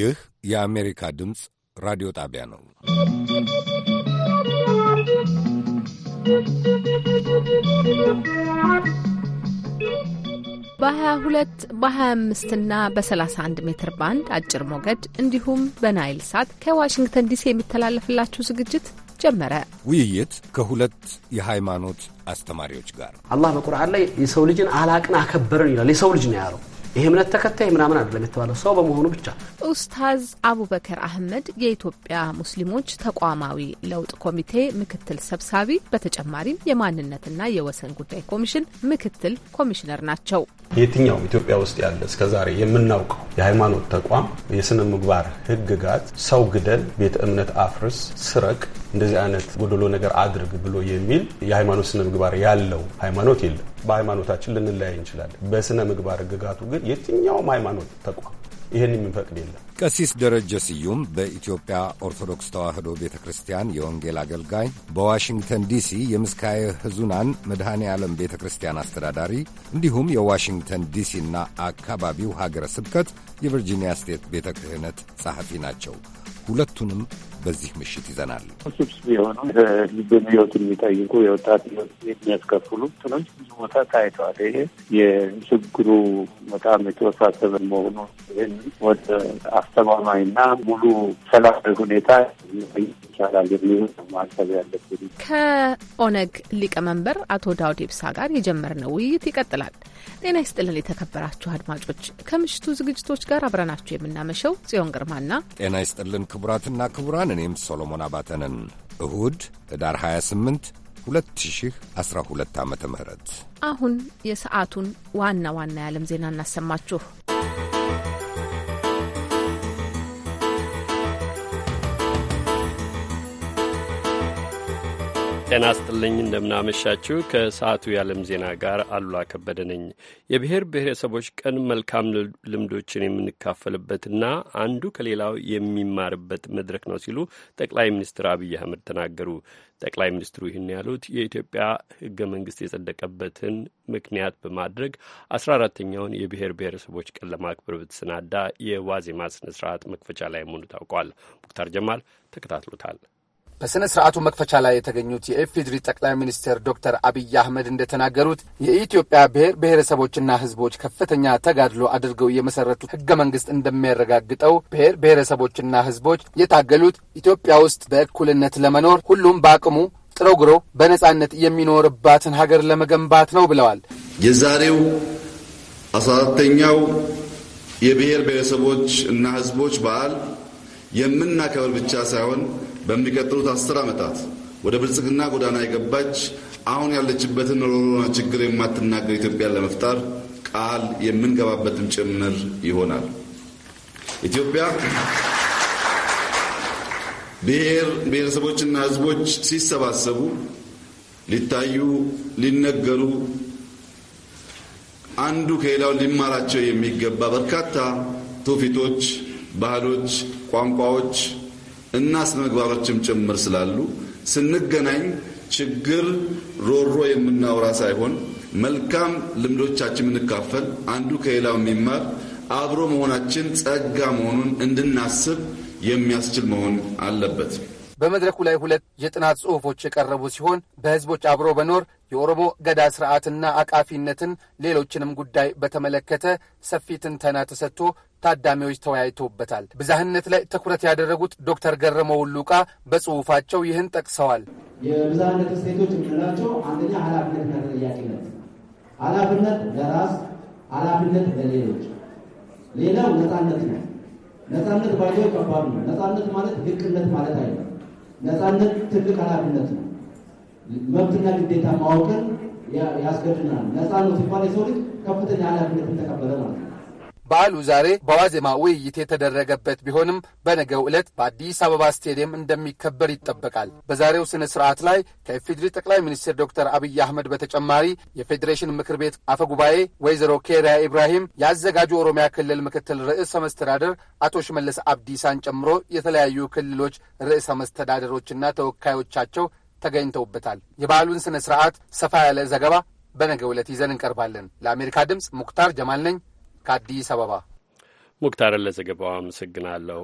ይህ የአሜሪካ ድምፅ ራዲዮ ጣቢያ ነው። በ22 በ25 እና በ31 ሜትር ባንድ አጭር ሞገድ እንዲሁም በናይል ሳት ከዋሽንግተን ዲሲ የሚተላለፍላችሁ ዝግጅት ጀመረ። ውይይት ከሁለት የሃይማኖት አስተማሪዎች ጋር አላህ በቁርአን ላይ የሰው ልጅን አላቅን አከበረን ይላል። የሰው ልጅ ነው ያለው ይህ እምነት ተከታይ ምናምን አይደለም የተባለው ሰው በመሆኑ ብቻ። ኡስታዝ አቡበከር አህመድ የኢትዮጵያ ሙስሊሞች ተቋማዊ ለውጥ ኮሚቴ ምክትል ሰብሳቢ፣ በተጨማሪም የማንነትና የወሰን ጉዳይ ኮሚሽን ምክትል ኮሚሽነር ናቸው። የትኛውም ኢትዮጵያ ውስጥ ያለ እስከዛሬ የምናውቀው የሃይማኖት ተቋም የስነ ምግባር ህግጋት ሰው ግደል፣ ቤተ እምነት አፍርስ፣ ስረቅ፣ እንደዚህ አይነት ጎደሎ ነገር አድርግ ብሎ የሚል የሃይማኖት ስነ ምግባር ያለው ሃይማኖት የለም። በሃይማኖታችን ልንለያይ እንችላለን። በስነ ምግባር ግጋቱ ግን የትኛውም ሃይማኖት ተቋም ይህን የሚፈቅድ የለም። ቀሲስ ደረጀ ስዩም በኢትዮጵያ ኦርቶዶክስ ተዋሕዶ ቤተ ክርስቲያን የወንጌል አገልጋይ፣ በዋሽንግተን ዲሲ የምስካየ ሕዙናን መድኃኔ ዓለም ቤተ ክርስቲያን አስተዳዳሪ እንዲሁም የዋሽንግተን ዲሲና አካባቢው ሀገረ ስብከት የቨርጂኒያ ስቴት ቤተ ክህነት ጸሐፊ ናቸው። ሁለቱንም በዚህ ምሽት ይዘናል። ስብስብ የሆኑ ህዝብን ህይወት የሚጠይቁ የወጣት ህይወት የሚያስከፍሉ ትኖች ብዙ ቦታ ታይተዋል። ይሄ የችግሩ በጣም የተወሳሰበ መሆኑ ይህን ወደ አስተማማኝና ሙሉ ሰላማዊ ሁኔታ ከኦነግ ሊቀመንበር አቶ ዳውድ ኢብሳ ጋር የጀመርነው ውይይት ይቀጥላል። ጤና ይስጥልን የተከበራችሁ አድማጮች፣ ከምሽቱ ዝግጅቶች ጋር አብረናችሁ የምናመሸው ጽዮን ግርማና ጤና ይስጥልን ክቡራትና ክቡራን አብረን እኔም ሶሎሞን አባተንን እሁድ ህዳር 28 2012 ዓ ም አሁን የሰዓቱን ዋና ዋና የዓለም ዜና እናሰማችሁ። ጤና ስጥልኝ እንደምናመሻችሁ። ከሰዓቱ የዓለም ዜና ጋር አሉላ ከበደ ነኝ። የብሔር ብሔረሰቦች ቀን መልካም ልምዶችን የምንካፈልበትና አንዱ ከሌላው የሚማርበት መድረክ ነው ሲሉ ጠቅላይ ሚኒስትር አብይ አህመድ ተናገሩ። ጠቅላይ ሚኒስትሩ ይህን ያሉት የኢትዮጵያ ህገ መንግስት የጸደቀበትን ምክንያት በማድረግ አስራ አራተኛውን የብሔር ብሔረሰቦች ቀን ለማክበር በተሰናዳ የዋዜማ ስነ ስርዓት መክፈቻ ላይ መሆኑ ታውቋል። ሙክታር ጀማል ተከታትሎታል። በሥነ ሥርዓቱ መክፈቻ ላይ የተገኙት የኢፌዴሪ ጠቅላይ ሚኒስትር ዶክተር አብይ አህመድ እንደተናገሩት የኢትዮጵያ ብሔር ብሔረሰቦችና ሕዝቦች ከፍተኛ ተጋድሎ አድርገው የመሰረቱ ሕገ መንግሥት እንደሚያረጋግጠው ብሔር ብሔረሰቦችና ሕዝቦች የታገሉት ኢትዮጵያ ውስጥ በእኩልነት ለመኖር ሁሉም በአቅሙ ጥሮ ግሮ በነጻነት የሚኖርባትን ሀገር ለመገንባት ነው ብለዋል። የዛሬው አስራ አራተኛው የብሔር ብሔረሰቦች እና ሕዝቦች በዓል የምናከብር ብቻ ሳይሆን በሚቀጥሉት አስር ዓመታት ወደ ብልጽግና ጎዳና የገባች አሁን ያለችበትን ሮሮና ችግር የማትናገር ኢትዮጵያን ለመፍጠር ቃል የምንገባበትም ጭምር ይሆናል። ኢትዮጵያ ብሔር ብሔረሰቦችና ሕዝቦች ሲሰባሰቡ ሊታዩ፣ ሊነገሩ አንዱ ከሌላው ሊማራቸው የሚገባ በርካታ ትውፊቶች፣ ባህሎች፣ ቋንቋዎች እና አስመግባሮችም ጭምር ስላሉ ስንገናኝ ችግር ሮሮ የምናወራ ሳይሆን መልካም ልምዶቻችን የምንካፈል አንዱ ከሌላው የሚማር አብሮ መሆናችን ጸጋ መሆኑን እንድናስብ የሚያስችል መሆን አለበት። በመድረኩ ላይ ሁለት የጥናት ጽሑፎች የቀረቡ ሲሆን በህዝቦች አብሮ በኖር የኦሮሞ ገዳ ስርዓትና አቃፊነትን ሌሎችንም ጉዳይ በተመለከተ ሰፊ ትንተና ተሰጥቶ ታዳሚዎች ተወያይቶበታል። ብዛህነት ላይ ትኩረት ያደረጉት ዶክተር ገረመው ሉቃ በጽሑፋቸው ይህን ጠቅሰዋል። የብዛህነት እሴቶች የምንላቸው አንደኛ ኃላፊነትና ተጠያቂነት፣ ኃላፊነት ለራስ ኃላፊነት ለሌሎች፣ ሌላው ነጻነት ነው። ነጻነት ባየው ከባድ ነው። ነጻነት ማለት ህግነት ማለት አይደለም። ነፃነት ትልቅ ኃላፊነት ነው። መብትና ግዴታ ማወቅን ያስገድናል። ነፃ ነው ሲባል የሰው ልጅ ከፍተኛ ኃላፊነትን ተቀበለ ማለት ነው። በዓሉ ዛሬ በዋዜማ ውይይት የተደረገበት ቢሆንም በነገው ዕለት በአዲስ አበባ ስቴዲየም እንደሚከበር ይጠበቃል። በዛሬው ስነ ስርዓት ላይ ከኢፌዴሪ ጠቅላይ ሚኒስትር ዶክተር አብይ አህመድ በተጨማሪ የፌዴሬሽን ምክር ቤት አፈ ጉባኤ ወይዘሮ ኬሪያ ኢብራሂም፣ የአዘጋጁ ኦሮሚያ ክልል ምክትል ርዕሰ መስተዳደር አቶ ሽመለስ አብዲሳን ጨምሮ የተለያዩ ክልሎች ርዕሰ መስተዳደሮችና ተወካዮቻቸው ተገኝተውበታል። የበዓሉን ስነ ስርዓት ሰፋ ያለ ዘገባ በነገው ዕለት ይዘን እንቀርባለን። ለአሜሪካ ድምፅ ሙክታር ጀማል ነኝ። ከአዲስ አበባ ሙክታር ለዘገባው አመሰግናለሁ።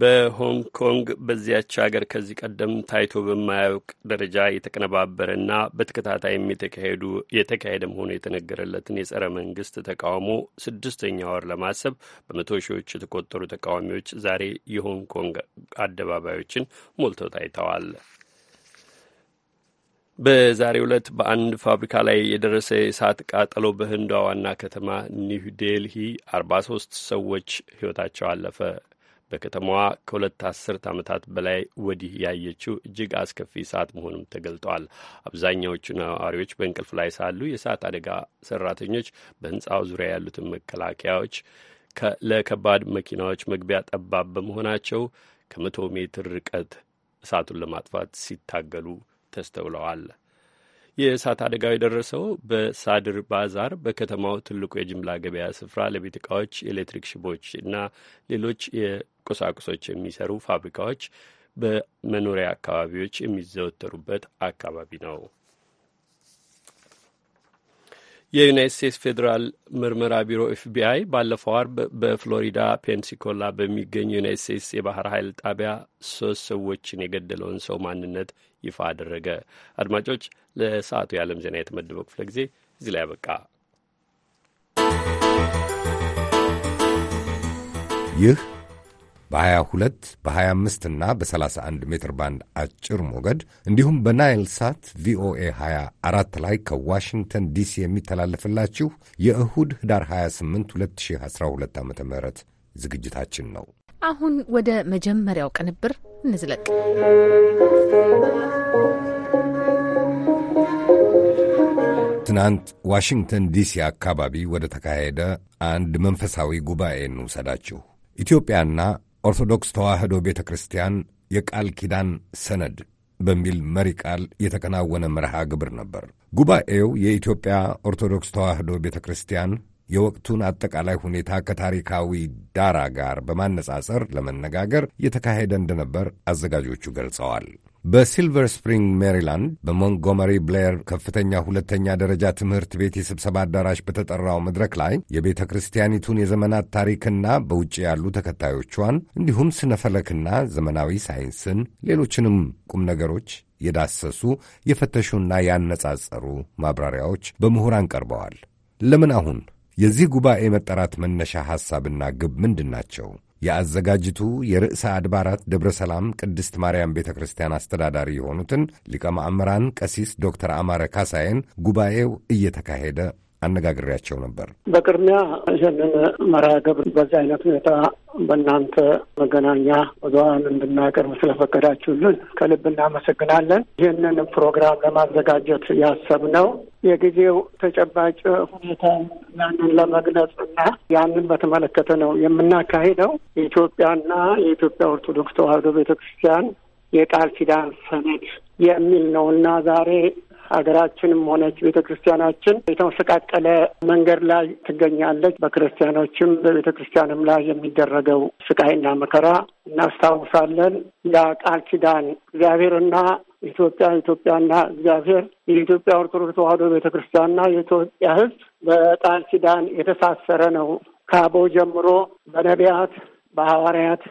በሆንግ ኮንግ በዚያች ሀገር ከዚህ ቀደም ታይቶ በማያውቅ ደረጃ የተቀነባበረና በተከታታይም የተካሄዱ የተካሄደ መሆኑ የተነገረለትን የጸረ መንግስት ተቃውሞ ስድስተኛ ወር ለማሰብ በመቶ ሺዎች የተቆጠሩ ተቃዋሚዎች ዛሬ የሆንግ ኮንግ አደባባዮችን ሞልተው ታይተዋል። በዛሬው ዕለት በአንድ ፋብሪካ ላይ የደረሰ የእሳት ቃጠሎ በህንዷ ዋና ከተማ ኒው ዴልሂ አርባ ሶስት ሰዎች ህይወታቸው አለፈ። በከተማዋ ከሁለት አስርት ዓመታት በላይ ወዲህ ያየችው እጅግ አስከፊ እሳት መሆኑም ተገልጧል። አብዛኛዎቹ ነዋሪዎች በእንቅልፍ ላይ ሳሉ የእሳት አደጋ ሰራተኞች በህንፃው ዙሪያ ያሉትን መከላከያዎች ለከባድ መኪናዎች መግቢያ ጠባብ በመሆናቸው ከመቶ ሜትር ርቀት እሳቱን ለማጥፋት ሲታገሉ ተስተውለዋል። የእሳት አደጋው የደረሰው በሳድር ባዛር በከተማው ትልቁ የጅምላ ገበያ ስፍራ ለቤት ዕቃዎች፣ የኤሌክትሪክ ሽቦች እና ሌሎች የቁሳቁሶች የሚሰሩ ፋብሪካዎች በመኖሪያ አካባቢዎች የሚዘወተሩበት አካባቢ ነው። የዩናይት ስቴትስ ፌዴራል ምርመራ ቢሮ ኤፍቢአይ ባለፈው አርብ በፍሎሪዳ ፔንሲኮላ በሚገኝ ዩናይት ስቴትስ የባህር ኃይል ጣቢያ ሶስት ሰዎችን የገደለውን ሰው ማንነት ይፋ አደረገ። አድማጮች፣ ለሰዓቱ የዓለም ዜና የተመደበው ክፍለ ጊዜ እዚህ ላይ አበቃ። ይህ በ22 በ25 እና በ31 ሜትር ባንድ አጭር ሞገድ እንዲሁም በናይል ሳት ቪኦኤ 24 ላይ ከዋሽንግተን ዲሲ የሚተላለፍላችሁ የእሁድ ህዳር 28 2012 ዓ ም ዝግጅታችን ነው። አሁን ወደ መጀመሪያው ቅንብር እንዝለቅ። ትናንት ዋሽንግተን ዲሲ አካባቢ ወደ ተካሄደ አንድ መንፈሳዊ ጉባኤ እንውሰዳችሁ። ኢትዮጵያና ኦርቶዶክስ ተዋሕዶ ቤተ ክርስቲያን የቃል ኪዳን ሰነድ በሚል መሪ ቃል የተከናወነ መርሃ ግብር ነበር። ጉባኤው የኢትዮጵያ ኦርቶዶክስ ተዋሕዶ ቤተ ክርስቲያን የወቅቱን አጠቃላይ ሁኔታ ከታሪካዊ ዳራ ጋር በማነጻጸር ለመነጋገር የተካሄደ እንደነበር አዘጋጆቹ ገልጸዋል። በሲልቨር ስፕሪንግ ሜሪላንድ በሞንጎመሪ ብሌር ከፍተኛ ሁለተኛ ደረጃ ትምህርት ቤት የስብሰባ አዳራሽ በተጠራው መድረክ ላይ የቤተ ክርስቲያኒቱን የዘመናት ታሪክና በውጭ ያሉ ተከታዮቿን እንዲሁም ስነ ፈለክና ዘመናዊ ሳይንስን ሌሎችንም ቁም ነገሮች የዳሰሱ የፈተሹና ያነጻጸሩ ማብራሪያዎች በምሁራን ቀርበዋል። ለምን አሁን የዚህ ጉባኤ መጠራት መነሻ ሐሳብና ግብ ምንድን ናቸው? የአዘጋጅቱ የርዕሰ አድባራት ደብረ ሰላም ቅድስት ማርያም ቤተ ክርስቲያን አስተዳዳሪ የሆኑትን ሊቀ ማዕምራን ቀሲስ ዶክተር አማረ ካሳይን ጉባኤው እየተካሄደ አነጋግሬያቸው ነበር። በቅድሚያ ይህንን መርሃ ግብር በዚህ አይነት ሁኔታ በእናንተ መገናኛ ብዙኃን እንድናቀርብ ስለፈቀዳችሁልን ከልብ እናመሰግናለን። ይህንን ፕሮግራም ለማዘጋጀት ያሰብነው የጊዜው ተጨባጭ ሁኔታ ያንን ለመግለጽ እና ያንን በተመለከተ ነው የምናካሂደው። የኢትዮጵያና የኢትዮጵያ ኦርቶዶክስ ተዋህዶ ቤተክርስቲያን የቃል ኪዳን ሰነድ የሚል ነው እና ዛሬ ሀገራችንም ሆነች ቤተ ክርስቲያናችን የተመሰቃቀለ መንገድ ላይ ትገኛለች። በክርስቲያኖችም በቤተ ክርስቲያንም ላይ የሚደረገው ስቃይና መከራ እናስታውሳለን። ያ ቃል ኪዳን እግዚአብሔርና ኢትዮጵያ ኢትዮጵያና እግዚአብሔር የኢትዮጵያ ኦርቶዶክስ ተዋህዶ ቤተ ክርስቲያንና የኢትዮጵያ ሕዝብ በቃል ኪዳን የተሳሰረ ነው። ከአበው ጀምሮ በነቢያት በሐዋርያት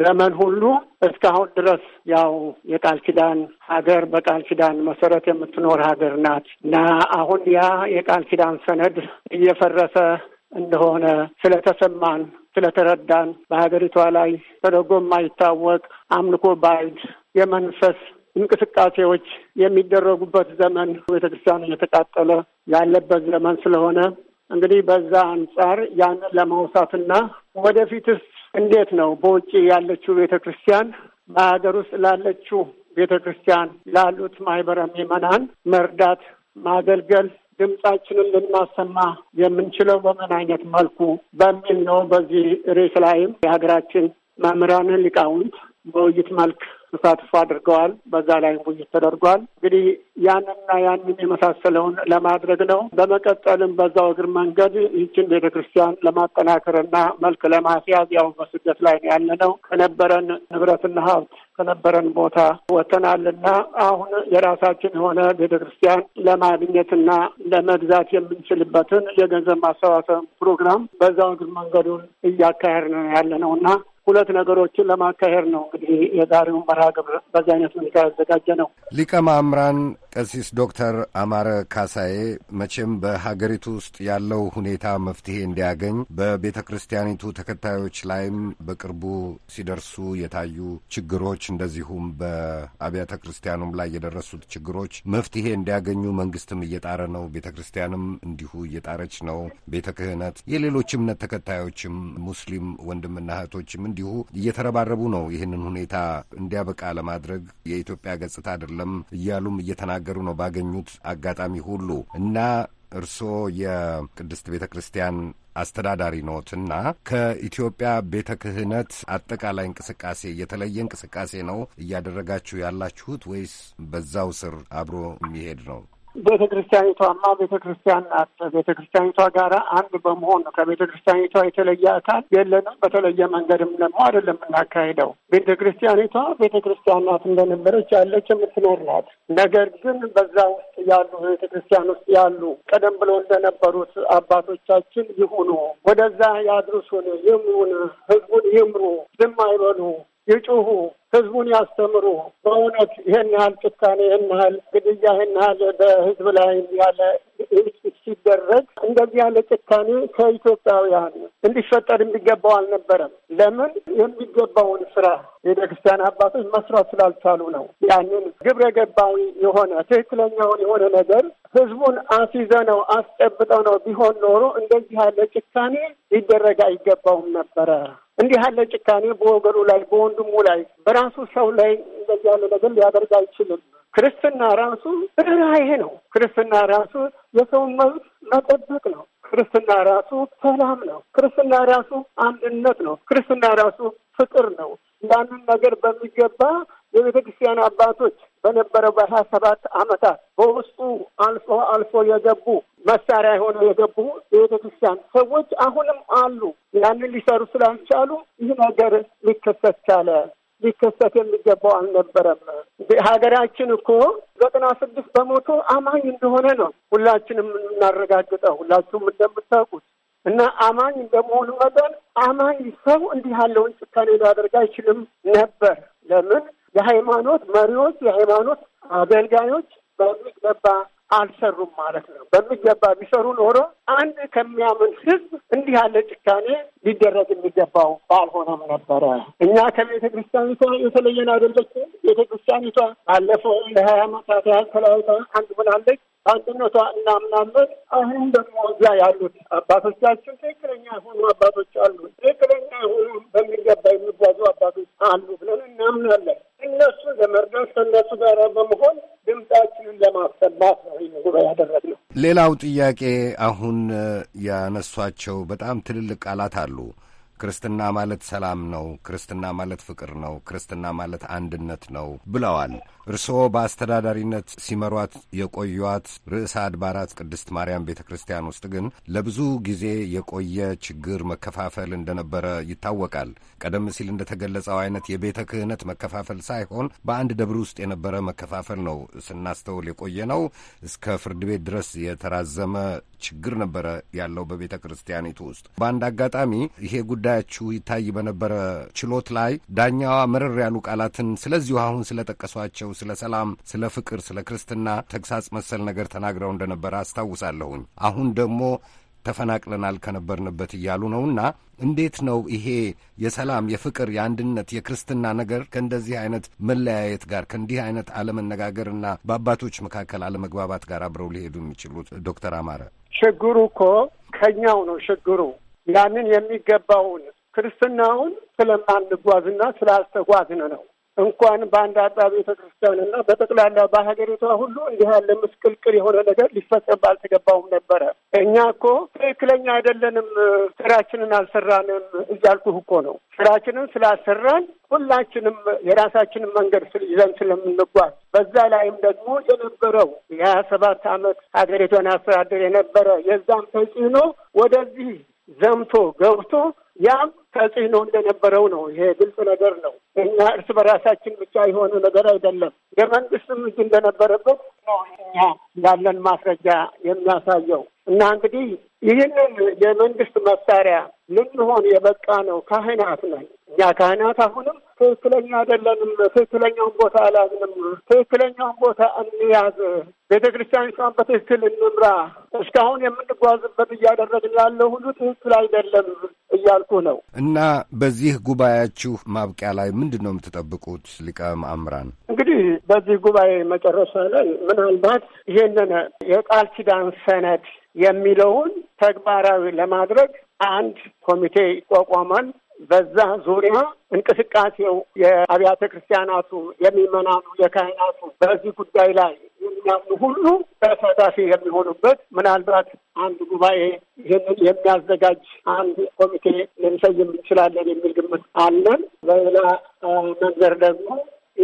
ዘመን ሁሉ እስካሁን ድረስ ያው የቃል ኪዳን ሀገር በቃል ኪዳን መሰረት የምትኖር ሀገር ናት እና አሁን ያ የቃል ኪዳን ሰነድ እየፈረሰ እንደሆነ ስለተሰማን ስለተረዳን በሀገሪቷ ላይ ተደርጎ የማይታወቅ አምልኮ ባዕድ የመንፈስ እንቅስቃሴዎች የሚደረጉበት ዘመን ቤተክርስቲያን እየተቃጠለ ያለበት ዘመን ስለሆነ እንግዲህ በዛ አንጻር ያንን ለማውሳትና ወደፊትስ እንዴት ነው በውጭ ያለችው ቤተ ክርስቲያን በሀገር ውስጥ ላለችው ቤተ ክርስቲያን ላሉት ማህበረ ምዕመናን መርዳት፣ ማገልገል ድምጻችንን ልናሰማ የምንችለው በምን አይነት መልኩ በሚል ነው። በዚህ ርዕስ ላይም የሀገራችን መምህራንን ሊቃውንት በውይይት መልክ ተሳትፎ አድርገዋል። በዛ ላይ ውይይት ተደርጓል። እንግዲህ ያንንና ያንን የመሳሰለውን ለማድረግ ነው። በመቀጠልም በዛው እግር መንገድ ይችን ቤተ ክርስቲያን ለማጠናከርና መልክ ለማስያዝ ያው በስደት ላይ ያለ ነው ከነበረን ንብረትና ሀብት ከነበረን ቦታ ወተናልና አሁን የራሳችን የሆነ ቤተ ክርስቲያን ለማግኘትና ለመግዛት የምንችልበትን የገንዘብ ማሰባሰብ ፕሮግራም በዛው እግር መንገዱን እያካሄድን ያለ ነው እና ሁለት ነገሮችን ለማካሄድ ነው። እንግዲህ የዛሬውን መርሃ ግብር በዚህ አይነት ሁኔታ ያዘጋጀ ነው። ሊቀማምራን ቀሲስ ዶክተር አማረ ካሳዬ መቼም በሀገሪቱ ውስጥ ያለው ሁኔታ መፍትሄ እንዲያገኝ በቤተ ክርስቲያኒቱ ተከታዮች ላይም በቅርቡ ሲደርሱ የታዩ ችግሮች፣ እንደዚሁም በአብያተ ክርስቲያኑም ላይ የደረሱት ችግሮች መፍትሄ እንዲያገኙ መንግስትም እየጣረ ነው። ቤተ ክርስቲያንም እንዲሁ እየጣረች ነው። ቤተ ክህነት፣ የሌሎች እምነት ተከታዮችም ሙስሊም ወንድምና እህቶችም እንዲሁ እየተረባረቡ ነው። ይህንን ሁኔታ እንዲያበቃ ለማድረግ የኢትዮጵያ ገጽታ አይደለም እያሉም እየተናገሩ ነው ባገኙት አጋጣሚ ሁሉ እና እርስዎ የቅድስት ቤተ ክርስቲያን አስተዳዳሪ ኖትና ከኢትዮጵያ ቤተ ክህነት አጠቃላይ እንቅስቃሴ የተለየ እንቅስቃሴ ነው እያደረጋችሁ ያላችሁት ወይስ በዛው ስር አብሮ የሚሄድ ነው? ቤተ ክርስቲያኒቷማ ቤተ ክርስቲያን ናት። ቤተ ክርስቲያኒቷ ጋር አንድ በመሆን ነው። ከቤተ ክርስቲያኒቷ የተለየ አካል የለንም። በተለየ መንገድም ደግሞ አይደለም እናካሄደው። ቤተ ክርስቲያኒቷ ቤተ ክርስቲያን ናት፣ እንደነበረች ያለች የምትኖር ናት። ነገር ግን በዛ ውስጥ ያሉ ቤተ ክርስቲያን ውስጥ ያሉ ቀደም ብሎ እንደነበሩት አባቶቻችን ይሁኑ፣ ወደዛ ያድርሱን፣ ይምሩን፣ ህዝቡን ይምሩ፣ ዝም አይበሉ፣ ይጩሁ ህዝቡን ያስተምሩ። በእውነት ይህን ያህል ጭካኔ፣ ይህን ያህል ግድያ፣ ይህን ያህል በህዝብ ላይ ያለ ሲደረግ እንደዚህ ያለ ጭካኔ ከኢትዮጵያውያን እንዲፈጠር የሚገባው አልነበረም። ለምን የሚገባውን ስራ የቤተክርስቲያን አባቶች መስራት ስላልቻሉ ነው። ያንን ግብረ ገባዊ የሆነ ትክክለኛውን የሆነ ነገር ህዝቡን አስይዘ ነው አስጨብጠው ነው ቢሆን ኖሮ እንደዚህ ያለ ጭካኔ ሊደረግ አይገባውም ነበረ። እንዲህ ያለ ጭካኔ በወገኑ ላይ በወንድሙ ላይ በራሱ ሰው ላይ እንደዚህ ያለ ነገር ሊያደርግ አይችልም። ክርስትና ራሱ ርኅራኄ ነው። ክርስትና ራሱ የሰውን መብት መጠበቅ ነው። ክርስትና ራሱ ሰላም ነው። ክርስትና ራሱ አንድነት ነው። ክርስትና ራሱ ፍቅር ነው። ያንን ነገር በሚገባ የቤተ ክርስቲያን አባቶች በነበረው በሀያ ሰባት ዓመታት በውስጡ አልፎ አልፎ የገቡ መሳሪያ የሆነው የገቡ ቤተክርስቲያን ሰዎች አሁንም አሉ። ያንን ሊሰሩ ስላልቻሉ ይህ ነገር ሊከሰት ቻለ። ሊከሰት የሚገባው አልነበረም። ሀገራችን እኮ ዘጠና ስድስት በመቶ አማኝ እንደሆነ ነው ሁላችንም የምናረጋግጠው፣ ሁላችሁም እንደምታውቁት እና አማኝ እንደመሆኑ መጠን አማኝ ሰው እንዲህ ያለውን ጭካኔ ሊያደርግ አይችልም ነበር። ለምን? የሃይማኖት መሪዎች፣ የሃይማኖት አገልጋዮች በሚገባ አልሰሩም ማለት ነው። በሚገባ ቢሰሩ ኖሮ አንድ ከሚያምን ህዝብ እንዲህ ያለ ጭካኔ ሊደረግ የሚገባው ባልሆነም ነበረ። እኛ ከቤተ ክርስቲያኒቷ የተለየን አይደለችም። ቤተ ክርስቲያኒቷ ባለፈው ለሀያ አመታት ያህል ተለያይታ አንድ ምናለች አንድነቷ እናምናለን። አሁን ደግሞ እዚያ ያሉት አባቶቻችን ትክክለኛ የሆኑ አባቶች አሉ፣ ትክክለኛ የሆኑ በሚገባ የሚጓዙ አባቶች አሉ ብለን እናምናለን። እነሱ ለመርዳት ከእነሱ ጋር በመሆን ለማሰማት ነው ይህን ጉባኤ ያደረግነው። ሌላው ጥያቄ አሁን ያነሷቸው በጣም ትልልቅ ቃላት አሉ። ክርስትና ማለት ሰላም ነው፣ ክርስትና ማለት ፍቅር ነው፣ ክርስትና ማለት አንድነት ነው ብለዋል። እርስዎ በአስተዳዳሪነት ሲመሯት የቆዩት ርዕሰ አድባራት ቅድስት ማርያም ቤተ ክርስቲያን ውስጥ ግን ለብዙ ጊዜ የቆየ ችግር መከፋፈል እንደነበረ ይታወቃል። ቀደም ሲል እንደተገለጸው አይነት የቤተ ክህነት መከፋፈል ሳይሆን በአንድ ደብር ውስጥ የነበረ መከፋፈል ነው ስናስተውል የቆየ ነው። እስከ ፍርድ ቤት ድረስ የተራዘመ ችግር ነበረ ያለው በቤተ ክርስቲያኒቱ ውስጥ። በአንድ አጋጣሚ ይሄ ጉዳያችሁ ይታይ በነበረ ችሎት ላይ ዳኛዋ መረር ያሉ ቃላትን ስለዚሁ አሁን ስለጠቀሷቸው ስለ ሰላም፣ ስለ ፍቅር፣ ስለ ክርስትና ተግሳጽ መሰል ነገር ተናግረው እንደነበረ አስታውሳለሁኝ። አሁን ደግሞ ተፈናቅለናል ከነበርንበት እያሉ ነውና እንዴት ነው ይሄ የሰላም የፍቅር የአንድነት የክርስትና ነገር ከእንደዚህ አይነት መለያየት ጋር ከእንዲህ አይነት አለመነጋገርና በአባቶች መካከል አለመግባባት ጋር አብረው ሊሄዱ የሚችሉት? ዶክተር አማረ ችግሩ እኮ ከኛው ነው ችግሩ ያንን የሚገባውን ክርስትናውን ስለማንጓዝና ስላልተጓዝን ነው። እንኳን በአንድ አጥባ ቤተ ክርስቲያንና በጠቅላላ በሀገሪቷ ሁሉ እንዲህ ያለ ምስቅልቅል የሆነ ነገር ሊፈጸም አልተገባውም ነበረ። እኛ እኮ ትክክለኛ አይደለንም፣ ስራችንን አልሰራንም እያልኩህ እኮ ነው። ስራችንን ስላሰራን ሁላችንም የራሳችንን መንገድ ይዘን ስለምንጓዝ በዛ ላይም ደግሞ የነበረው የሀያ ሰባት አመት ሀገሪቷን አስተዳደር የነበረ የዛም ተጽዕኖ ወደዚህ ዘምቶ ገብቶ ያም ተጽዕኖ እንደነበረው ነው። ይሄ ግልጽ ነገር ነው እኛ እርስ በራሳችን ብቻ የሆነ ነገር አይደለም። የመንግስትም እጅ እንደነበረበት ነው እኛ ያለን ማስረጃ የሚያሳየው እና እንግዲህ ይህንን የመንግስት መሳሪያ ልንሆን የበቃ ነው ካህናት ነን እኛ ካህናት አሁንም ትክክለኛ አይደለንም፣ ትክክለኛውን ቦታ አላዝንም ትክክለኛውን ቦታ እንያዝ፣ ቤተ ክርስቲያኒቷን በትክክል እንምራ፣ እስካሁን የምንጓዝበት እያደረግን ያለው ሁሉ ትክክል አይደለም እያልኩ ነው። እና በዚህ ጉባኤያችሁ ማብቂያ ላይ ምንድን ነው የምትጠብቁት ሊቀ ማእምራን? እንግዲህ በዚህ ጉባኤ መጨረሻ ላይ ምናልባት ይህንን የቃል ኪዳን ሰነድ የሚለውን ተግባራዊ ለማድረግ አንድ ኮሚቴ ይቋቋማል። በዛ ዙሪያ እንቅስቃሴው የአብያተ ክርስቲያናቱ የሚመናኑ የካህናቱ በዚህ ጉዳይ ላይ የሚያምኑ ሁሉ ተሳታፊ የሚሆኑበት ምናልባት አንድ ጉባኤ ይህንን የሚያዘጋጅ አንድ ኮሚቴ ልንሰይም እንችላለን የሚል ግምት አለን። በሌላ መንገድ ደግሞ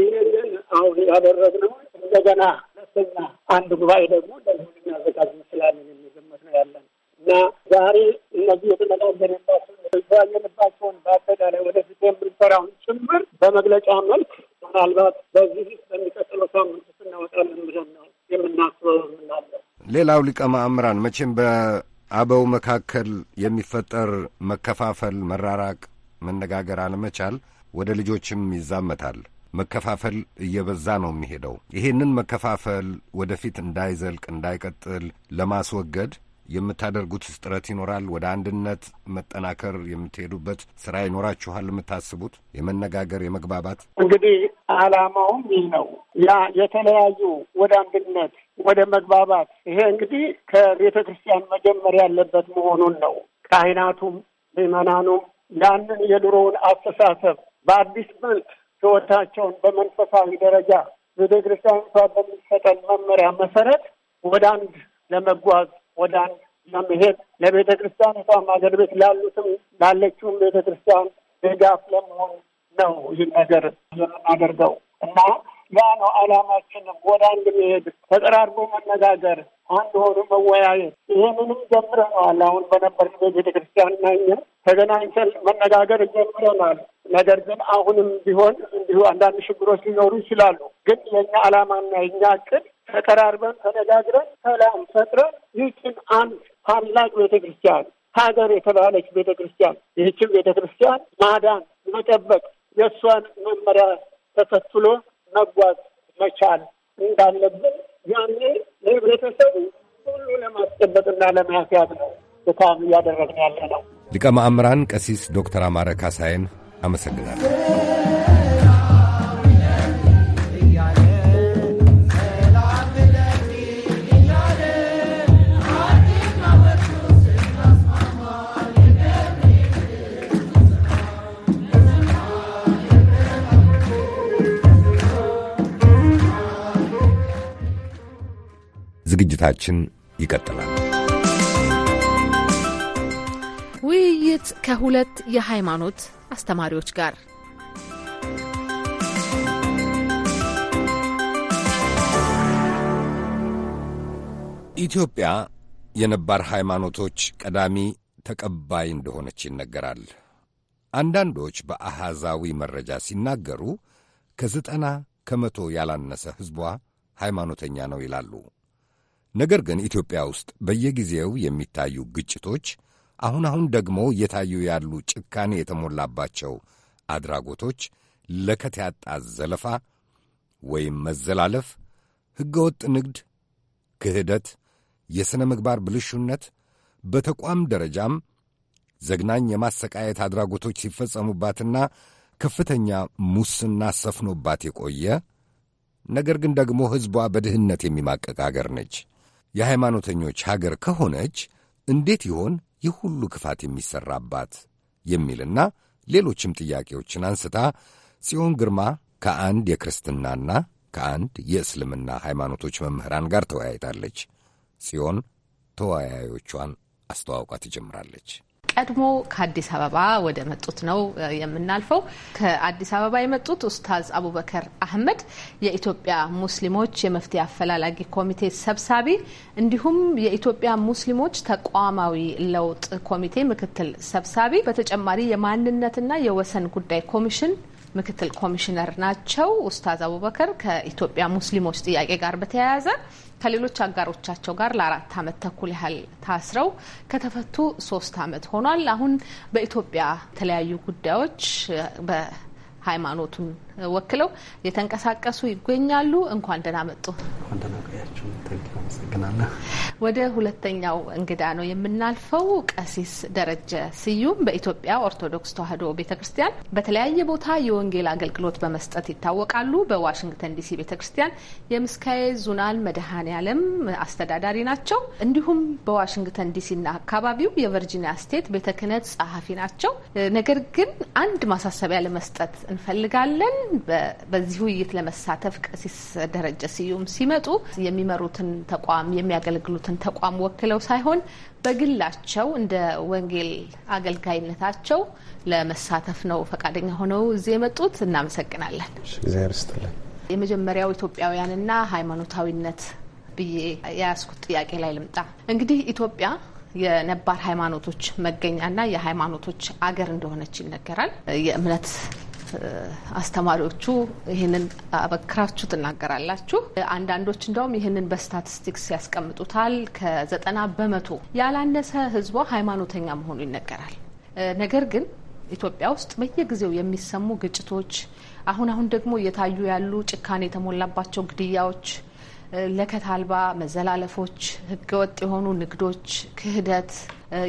ይህንን አሁን ያደረግነው እንደገና ሁለተኛ አንድ ጉባኤ ደግሞ እንደዚህ የሚያዘጋጅ እንችላለን የሚል ግምት ነው ያለን። እና ዛሬ እነዚህ የተነጋገርባቸው የተወያየንባቸውን በአጠቃላይ ወደፊት የምንሰራውን ጭምር በመግለጫ መልክ ምናልባት በዚህ በሚቀጥለው ሳምንት እናወጣለን ብለን ነው የምናስበው። ምናለን ሌላው ሊቀ ማእምራን መቼም በአበው መካከል የሚፈጠር መከፋፈል፣ መራራቅ፣ መነጋገር አለመቻል ወደ ልጆችም ይዛመታል። መከፋፈል እየበዛ ነው የሚሄደው። ይሄንን መከፋፈል ወደፊት እንዳይዘልቅ እንዳይቀጥል ለማስወገድ የምታደርጉት ጥረት ይኖራል? ወደ አንድነት መጠናከር የምትሄዱበት ስራ ይኖራችኋል? የምታስቡት የመነጋገር የመግባባት እንግዲህ አላማውም ይህ ነው። ያ የተለያዩ ወደ አንድነት ወደ መግባባት ይሄ እንግዲህ ከቤተ ክርስቲያን መጀመር ያለበት መሆኑን ነው። ካህናቱም ምዕመናኑም ያንን የድሮውን አስተሳሰብ በአዲስ መልክ ህይወታቸውን በመንፈሳዊ ደረጃ ቤተ ክርስቲያን በሚሰጠን መመሪያ መሰረት ወደ አንድ ለመጓዝ ወደ አንድ ለመሄድ ለቤተ ክርስቲያን እንኳን ሀገር ቤት ላሉትም ላለችውም ቤተ ክርስቲያን ድጋፍ ለመሆን ነው ይህ ነገር የምናደርገው እና ያ ነው ዓላማችንም ወደ አንድ መሄድ፣ ተቀራርቦ መነጋገር፣ አንድ ሆኖ መወያየት። ይህንንም ጀምረነዋል። አሁን በነበርንበት ቤተ ክርስቲያን እና እኛ ተገናኝተን መነጋገር ጀምረናል። ነገር ግን አሁንም ቢሆን እንዲሁ አንዳንድ ችግሮች ሊኖሩ ይችላሉ። ግን የእኛ አላማና የእኛ እቅድ ተቀራርበን ተነጋግረን ሰላም ፈጥረን ይህችን አንድ ታላቅ ቤተ ክርስቲያን ሀገር የተባለች ቤተ ክርስቲያን ይህችን ቤተ ክርስቲያን ማዳን መጠበቅ የእሷን መመሪያ ተከትሎ መጓዝ መቻል እንዳለብን ያኔ ለህብረተሰቡ ሁሉ ለማስጠበቅና ለማስያዝ ነው ድካም እያደረግን ያለ ነው። ሊቀ ማእምራን ቀሲስ ዶክተር አማረ ካሳይን አመሰግናለሁ። ዝግጅታችን ይቀጥላል። ውይይት ከሁለት የሃይማኖት አስተማሪዎች ጋር ኢትዮጵያ የነባር ሃይማኖቶች ቀዳሚ ተቀባይ እንደሆነች ይነገራል። አንዳንዶች በአሃዛዊ መረጃ ሲናገሩ ከዘጠና ከመቶ ያላነሰ ሕዝቧ ሃይማኖተኛ ነው ይላሉ። ነገር ግን ኢትዮጵያ ውስጥ በየጊዜው የሚታዩ ግጭቶች፣ አሁን አሁን ደግሞ እየታዩ ያሉ ጭካኔ የተሞላባቸው አድራጎቶች፣ ለከት ያጣ ዘለፋ ወይም መዘላለፍ፣ ሕገወጥ ንግድ፣ ክህደት፣ የሥነ ምግባር ብልሹነት፣ በተቋም ደረጃም ዘግናኝ የማሰቃየት አድራጎቶች ሲፈጸሙባትና ከፍተኛ ሙስና ሰፍኖባት የቆየ ነገር ግን ደግሞ ሕዝቧ በድህነት የሚማቀቅ አገር ነች። የሃይማኖተኞች ሀገር ከሆነች እንዴት ይሆን ይህ ሁሉ ክፋት የሚሠራባት የሚልና ሌሎችም ጥያቄዎችን አንስታ ጽዮን ግርማ ከአንድ የክርስትናና ከአንድ የእስልምና ሃይማኖቶች መምህራን ጋር ተወያይታለች። ጽዮን ተወያዮቿን አስተዋውቃ ትጀምራለች። ቀድሞ ከአዲስ አበባ ወደ መጡት ነው የምናልፈው። ከአዲስ አበባ የመጡት ኡስታዝ አቡበከር አህመድ የኢትዮጵያ ሙስሊሞች የመፍትሄ አፈላላጊ ኮሚቴ ሰብሳቢ እንዲሁም የኢትዮጵያ ሙስሊሞች ተቋማዊ ለውጥ ኮሚቴ ምክትል ሰብሳቢ፣ በተጨማሪ የማንነትና የወሰን ጉዳይ ኮሚሽን ምክትል ኮሚሽነር ናቸው። ኡስታዝ አቡበከር ከኢትዮጵያ ሙስሊሞች ጥያቄ ጋር በተያያዘ ከሌሎች አጋሮቻቸው ጋር ለአራት ዓመት ተኩል ያህል ታስረው ከተፈቱ ሶስት ዓመት ሆኗል። አሁን በኢትዮጵያ የተለያዩ ጉዳዮች በሃይማኖቱን ወክለው የተንቀሳቀሱ ይገኛሉ። እንኳን ደህና መጡ። ወደ ሁለተኛው እንግዳ ነው የምናልፈው። ቀሲስ ደረጀ ስዩም በኢትዮጵያ ኦርቶዶክስ ተዋሕዶ ቤተ ክርስቲያን በተለያየ ቦታ የወንጌል አገልግሎት በመስጠት ይታወቃሉ። በዋሽንግተን ዲሲ ቤተ ክርስቲያን የምስካዬ ዙናን መድኃኔ ዓለም አስተዳዳሪ ናቸው። እንዲሁም በዋሽንግተን ዲሲና አካባቢው የቨርጂኒያ ስቴት ቤተ ክህነት ጸሐፊ ናቸው። ነገር ግን አንድ ማሳሰቢያ ለመስጠት እንፈልጋለን። በዚህ ውይይት ለመሳተፍ ቀሲስ ደረጀ ስዩም ሲመጡ የሚመሩትን ተቋም የሚያገለግሉትን ተቋም ወክለው ሳይሆን በግላቸው እንደ ወንጌል አገልጋይነታቸው ለመሳተፍ ነው ፈቃደኛ ሆነው እዚህ የመጡት። እናመሰግናለን። እግዚአብሔር ይስጥልን። የመጀመሪያው ኢትዮጵያውያንና ሃይማኖታዊነት ብዬ የያዝኩት ጥያቄ ላይ ልምጣ። እንግዲህ ኢትዮጵያ የነባር ሃይማኖቶች መገኛና የሃይማኖቶች አገር እንደሆነች ይነገራል። የእምነት አስተማሪዎቹ ይህንን አበክራችሁ ትናገራላችሁ። አንዳንዶች እንደውም ይህንን በስታቲስቲክስ ያስቀምጡታል። ከዘጠና በመቶ ያላነሰ ህዝቧ ሃይማኖተኛ መሆኑ ይነገራል። ነገር ግን ኢትዮጵያ ውስጥ በየጊዜው የሚሰሙ ግጭቶች፣ አሁን አሁን ደግሞ እየታዩ ያሉ ጭካኔ የተሞላባቸው ግድያዎች፣ ለከት አልባ መዘላለፎች፣ ህገወጥ የሆኑ ንግዶች፣ ክህደት፣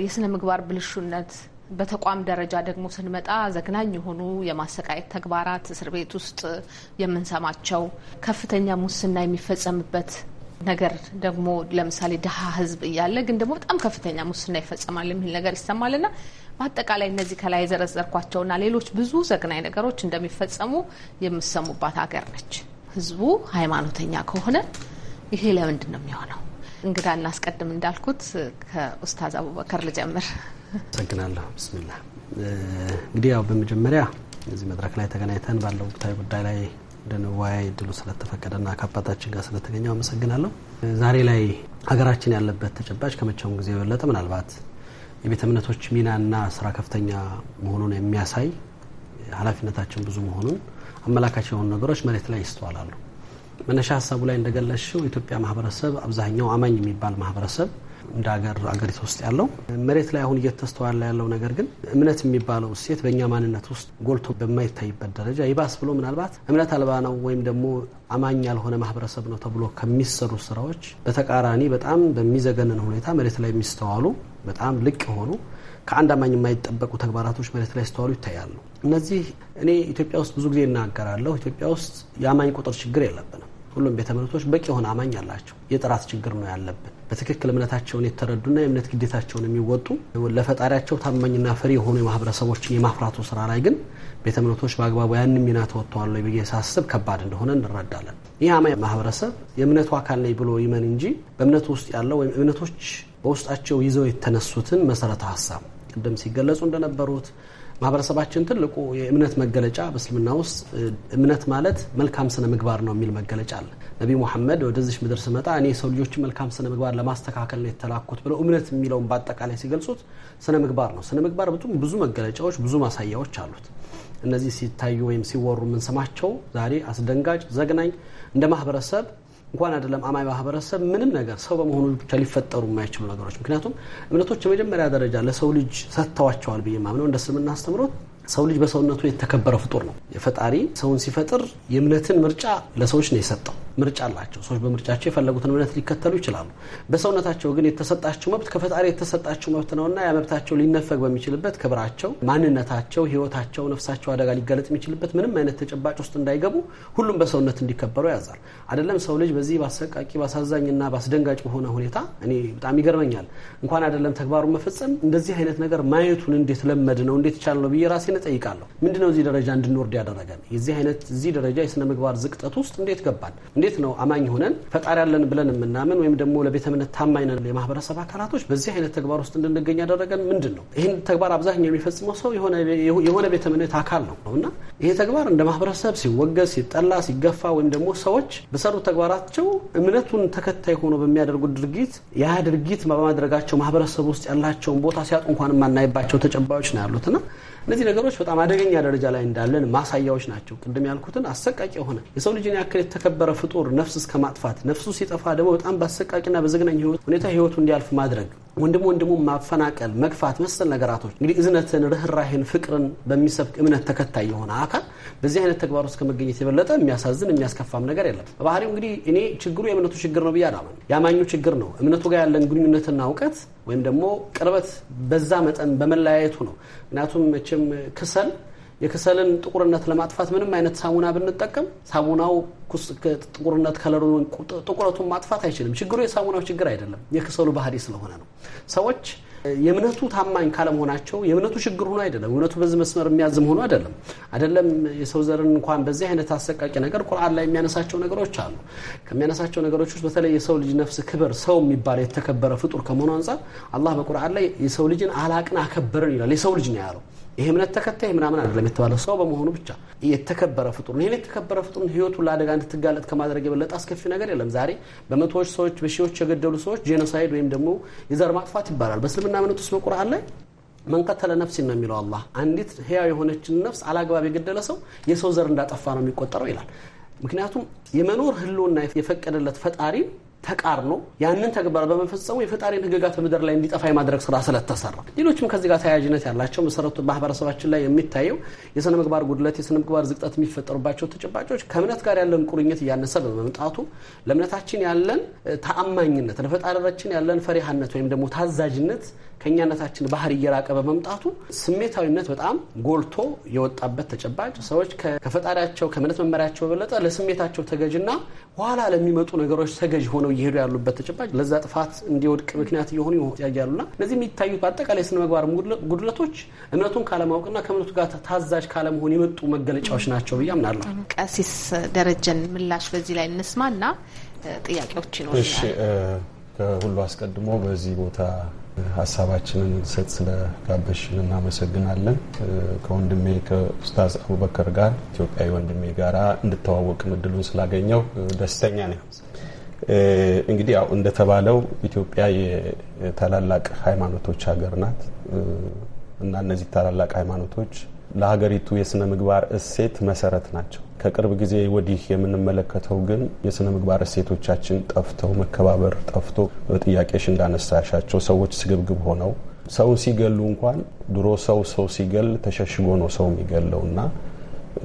የስነ ምግባር ብልሹነት በተቋም ደረጃ ደግሞ ስንመጣ ዘግናኝ የሆኑ የማሰቃየት ተግባራት እስር ቤት ውስጥ የምንሰማቸው ከፍተኛ ሙስና የሚፈጸምበት ነገር ደግሞ ለምሳሌ ድሀ ህዝብ እያለ ግን ደግሞ በጣም ከፍተኛ ሙስና ይፈጸማል የሚል ነገር ና በአጠቃላይ እነዚህ ከላይ የዘረዘርኳቸውና ሌሎች ብዙ ዘግናኝ ነገሮች እንደሚፈጸሙ የምሰሙባት ሀገር ነች። ህዝቡ ሃይማኖተኛ ከሆነ ይሄ ለምንድን ነው የሚሆነው? እንግዳ እናስቀድም እንዳልኩት ከኡስታዝ አቡበከር ልጀምር። አመሰግናለሁ። ብስሚላ እንግዲህ ያው በመጀመሪያ እዚህ መድረክ ላይ ተገናኝተን ባለው ወቅታዊ ጉዳይ ላይ እንድንወያይ እድሉ ስለተፈቀደና ከአባታችን ጋር ስለተገኘው አመሰግናለሁ። ዛሬ ላይ ሀገራችን ያለበት ተጨባጭ ከመቼውም ጊዜ የበለጠ ምናልባት የቤተ እምነቶች ሚናና ስራ ከፍተኛ መሆኑን የሚያሳይ ኃላፊነታችን ብዙ መሆኑን አመላካች የሆኑ ነገሮች መሬት ላይ ይስተዋላሉ። መነሻ ሀሳቡ ላይ እንደገለሽው የኢትዮጵያ ማህበረሰብ አብዛኛው አማኝ የሚባል ማህበረሰብ እንደ ሀገር አገሪቱ ውስጥ ያለው መሬት ላይ አሁን እየተስተዋለ ያለው ነገር ግን እምነት የሚባለው እሴት በእኛ ማንነት ውስጥ ጎልቶ በማይታይበት ደረጃ ይባስ ብሎ ምናልባት እምነት አልባ ነው ወይም ደግሞ አማኝ ያልሆነ ማህበረሰብ ነው ተብሎ ከሚሰሩ ስራዎች በተቃራኒ በጣም በሚዘገንን ሁኔታ መሬት ላይ የሚስተዋሉ በጣም ልቅ የሆኑ ከአንድ አማኝ የማይጠበቁ ተግባራቶች መሬት ላይ ስተዋሉ ይታያሉ። እነዚህ እኔ ኢትዮጵያ ውስጥ ብዙ ጊዜ እናገራለሁ። ኢትዮጵያ ውስጥ የአማኝ ቁጥር ችግር የለብንም። ሁሉም ቤተ እምነቶች በቂ የሆነ አማኝ አላቸው። የጥራት ችግር ነው ያለብን። በትክክል እምነታቸውን የተረዱና የእምነት ግዴታቸውን የሚወጡ ለፈጣሪያቸው ታማኝና ፍሪ የሆኑ የማህበረሰቦችን የማፍራቱ ስራ ላይ ግን ቤተ እምነቶች በአግባቡ ያን ሚና ተወጥተዋል ብዬ ሳስብ ከባድ እንደሆነ እንረዳለን። ይህ አማኝ ማህበረሰብ የእምነቱ አካል ነኝ ብሎ ይመን እንጂ በእምነቱ ውስጥ ያለው ወይም እምነቶች በውስጣቸው ይዘው የተነሱትን መሰረተ ሀሳብ ቅድም ሲገለጹ እንደነበሩት ማህበረሰባችን ትልቁ የእምነት መገለጫ በእስልምና ውስጥ እምነት ማለት መልካም ስነ ምግባር ነው የሚል መገለጫ አለ። ነቢ ሙሐመድ ወደዚች ምድር ስመጣ እኔ የሰው ልጆችን መልካም ስነ ምግባር ለማስተካከል ነው የተላኩት ብለው እምነት የሚለውን በአጠቃላይ ሲገልጹት ስነ ምግባር ነው። ስነ ምግባር ብዙ መገለጫዎች፣ ብዙ ማሳያዎች አሉት። እነዚህ ሲታዩ ወይም ሲወሩ የምንሰማቸው ዛሬ አስደንጋጭ፣ ዘግናኝ እንደ ማህበረሰብ እንኳን አይደለም አማኝ ማህበረሰብ ምንም ነገር ሰው በመሆኑ ብቻ ሊፈጠሩ የማይችሉ ነገሮች ምክንያቱም እምነቶች የመጀመሪያ ደረጃ ለሰው ልጅ ሰጥተዋቸዋል ብዬ ማምነው እንደ እስልምና አስተምሮት ሰው ልጅ በሰውነቱ የተከበረ ፍጡር ነው። የፈጣሪ ሰውን ሲፈጥር የእምነትን ምርጫ ለሰዎች ነው የሰጠው። ምርጫ አላቸው። ሰዎች በምርጫቸው የፈለጉትን እምነት ሊከተሉ ይችላሉ። በሰውነታቸው ግን የተሰጣቸው መብት ከፈጣሪ የተሰጣቸው መብት ነውና ያ መብታቸው ሊነፈግ በሚችልበት ክብራቸው፣ ማንነታቸው፣ ሕይወታቸው፣ ነፍሳቸው አደጋ ሊገለጥ የሚችልበት ምንም አይነት ተጨባጭ ውስጥ እንዳይገቡ ሁሉም በሰውነት እንዲከበሩ ያዛል። አይደለም ሰው ልጅ በዚህ በአሰቃቂ በአሳዛኝና በአስደንጋጭ በሆነ ሁኔታ እኔ በጣም ይገርመኛል። እንኳን አይደለም ተግባሩን መፈጸም እንደዚህ አይነት ነገር ማየቱን እንዴት ለመድ ነው እንዴት ይቻል ነው ብዬ ራሴ እጠይቃለሁ። ነው እዚህ ደረጃ እንድንወርድ ያደረገን? የዚህ አይነት እዚህ ደረጃ የስነ ምግባር ዝቅጠት ውስጥ እንዴት ገባን? እንዴት ነው አማኝ ሆነን ፈጣሪ ያለን ብለን የምናምን ወይም ደግሞ ለቤተ እምነት ታማኝ ነን የማህበረሰብ አካላቶች በዚህ አይነት ተግባር ውስጥ እንድንገኝ ያደረገን ምንድን ነው? ይህን ተግባር አብዛኛው የሚፈጽመው ሰው የሆነ ቤተ እምነት አካል ነው እና ይሄ ተግባር እንደ ማህበረሰብ ሲወገዝ፣ ሲጠላ፣ ሲገፋ ወይም ደግሞ ሰዎች በሰሩት ተግባራቸው እምነቱን ተከታይ ሆኖ በሚያደርጉት ድርጊት ያ ድርጊት በማድረጋቸው ማህበረሰብ ውስጥ ያላቸውን ቦታ ሲያጡ እንኳን የማናይባቸው ተጨባዮች ነው ያሉትና እነዚህ ነገሮች በጣም አደገኛ ደረጃ ላይ እንዳለን ማሳያዎች ናቸው። ቅድም ያልኩትን አሰቃቂ የሆነ የሰው ልጅን ያክል የተከበረ ፍጡር ነፍስ እስከ ማጥፋት፣ ነፍሱ ሲጠፋ ደግሞ በጣም በአሰቃቂና በዘግናኝ ሁኔታ ህይወቱ እንዲያልፍ ማድረግ፣ ወንድም ወንድሙ ማፈናቀል፣ መግፋት መሰል ነገራቶች እንግዲህ እዝነትን፣ ርኅራሄን፣ ፍቅርን በሚሰብክ እምነት ተከታይ የሆነ አካል በዚህ አይነት ተግባር ውስጥ ከመገኘት የበለጠ የሚያሳዝን የሚያስከፋም ነገር የለም። በባህሪው እንግዲህ እኔ ችግሩ የእምነቱ ችግር ነው ብዬ አላምን። የአማኙ ችግር ነው። እምነቱ ጋር ያለን ግንኙነትና እውቀት ወይም ደግሞ ቅርበት በዛ መጠን በመለያየቱ ነው። ምክንያቱም መቼም ክሰል የክሰልን ጥቁርነት ለማጥፋት ምንም አይነት ሳሙና ብንጠቀም ሳሙናው ጥቁርነት ከለሩን ጥቁረቱን ማጥፋት አይችልም። ችግሩ የሳሙናው ችግር አይደለም፣ የክሰሉ ባህሪ ስለሆነ ነው ሰዎች የእምነቱ ታማኝ ካለመሆናቸው የእምነቱ ችግር ሆኖ አይደለም። እምነቱ በዚህ መስመር የሚያዝም ሆኖ አይደለም። አይደለም የሰው ዘርን እንኳን በዚህ አይነት አሰቃቂ ነገር ቁርአን ላይ የሚያነሳቸው ነገሮች አሉ። ከሚያነሳቸው ነገሮች ውስጥ በተለይ የሰው ልጅ ነፍስ ክብር፣ ሰው የሚባል የተከበረ ፍጡር ከመሆኑ አንጻር አላህ በቁርአን ላይ የሰው ልጅን አላቅን አከበርን ይላል። የሰው ልጅ ነው ያለው። ይሄ እምነት ተከታይ ምናምን አይደለም የተባለው ሰው በመሆኑ ብቻ የተከበረ ፍጡር ነው። ይህን የተከበረ ፍጡር ህይወቱን ለአደጋ እንድትጋለጥ ከማድረግ የበለጠ አስከፊ ነገር የለም። ዛሬ በመቶዎች ሰዎች በሺዎች የገደሉ ሰዎች ጄኖሳይድ ወይም ደግሞ የዘር ማጥፋት ይባላል። በእስልምና እምነት ውስጥ በቁርአን ላይ መንቀተለ ነፍሲን ነው የሚለው አላህ። አንዲት ህያው የሆነችን ነፍስ አላግባብ የገደለ ሰው የሰው ዘር እንዳጠፋ ነው የሚቆጠረው ይላል። ምክንያቱም የመኖር ህልውና የፈቀደለት ፈጣሪም ተቃርኖ ያንን ተግባር በመፈጸሙ የፈጣሪን ሕግጋት በምድር ላይ እንዲጠፋ የማድረግ ስራ ስለተሰራ ሌሎችም ከዚህ ጋር ተያያዥነት ያላቸው መሰረቱ ማህበረሰባችን ላይ የሚታየው የስነ ምግባር ጉድለት፣ የስነ ምግባር ዝቅጠት የሚፈጠሩባቸው ተጨባጮች ከእምነት ጋር ያለን ቁርኝት እያነሰ በመምጣቱ ለእምነታችን ያለን ተአማኝነት፣ ለፈጣሪያችን ያለን ፈሪሃነት ወይም ደግሞ ታዛዥነት ከእኛነታችን ባህር እየራቀ በመምጣቱ ስሜታዊነት በጣም ጎልቶ የወጣበት ተጨባጭ ሰዎች ከፈጣሪያቸው ከእምነት መመሪያቸው በበለጠ ለስሜታቸው ተገዥና ኋላ ለሚመጡ ነገሮች ተገዥ ሆነው እየሄዱ ያሉበት ተጨባጭ ለዛ ጥፋት እንዲወድቅ ምክንያት እየሆኑ ያያሉና እነዚህ የሚታዩት በአጠቃላይ የስነ መግባር ጉድለቶች እምነቱን ካለማወቅና ከእምነቱ ጋር ታዛዥ ካለመሆን የመጡ መገለጫዎች ናቸው ብዬ አምናለሁ። ቀሲስ ደረጀን ምላሽ በዚህ ላይ እንስማና ጥያቄዎች ይኖ ከሁሉ አስቀድሞ በዚህ ቦታ ሀሳባችንን ሰጥ ስለጋበሽን እናመሰግናለን። ከወንድሜ ከኡስታዝ አቡበከር ጋር ኢትዮጵያዊ ወንድሜ ጋራ እንድተዋወቅ እድሉን ስላገኘው ደስተኛ ነኝ። እንግዲህ ያው እንደተባለው ኢትዮጵያ የታላላቅ ሃይማኖቶች ሀገር ናት እና እነዚህ ታላላቅ ሃይማኖቶች ለሀገሪቱ የስነ ምግባር እሴት መሰረት ናቸው። ከቅርብ ጊዜ ወዲህ የምንመለከተው ግን የስነ ምግባር እሴቶቻችን ጠፍተው መከባበር ጠፍቶ በጥያቄሽ እንዳነሳሻቸው ሰዎች ስግብግብ ሆነው ሰው ሲገሉ እንኳን ድሮ ሰው ሰው ሲገል ተሸሽጎ ነው ሰው የሚገለው እና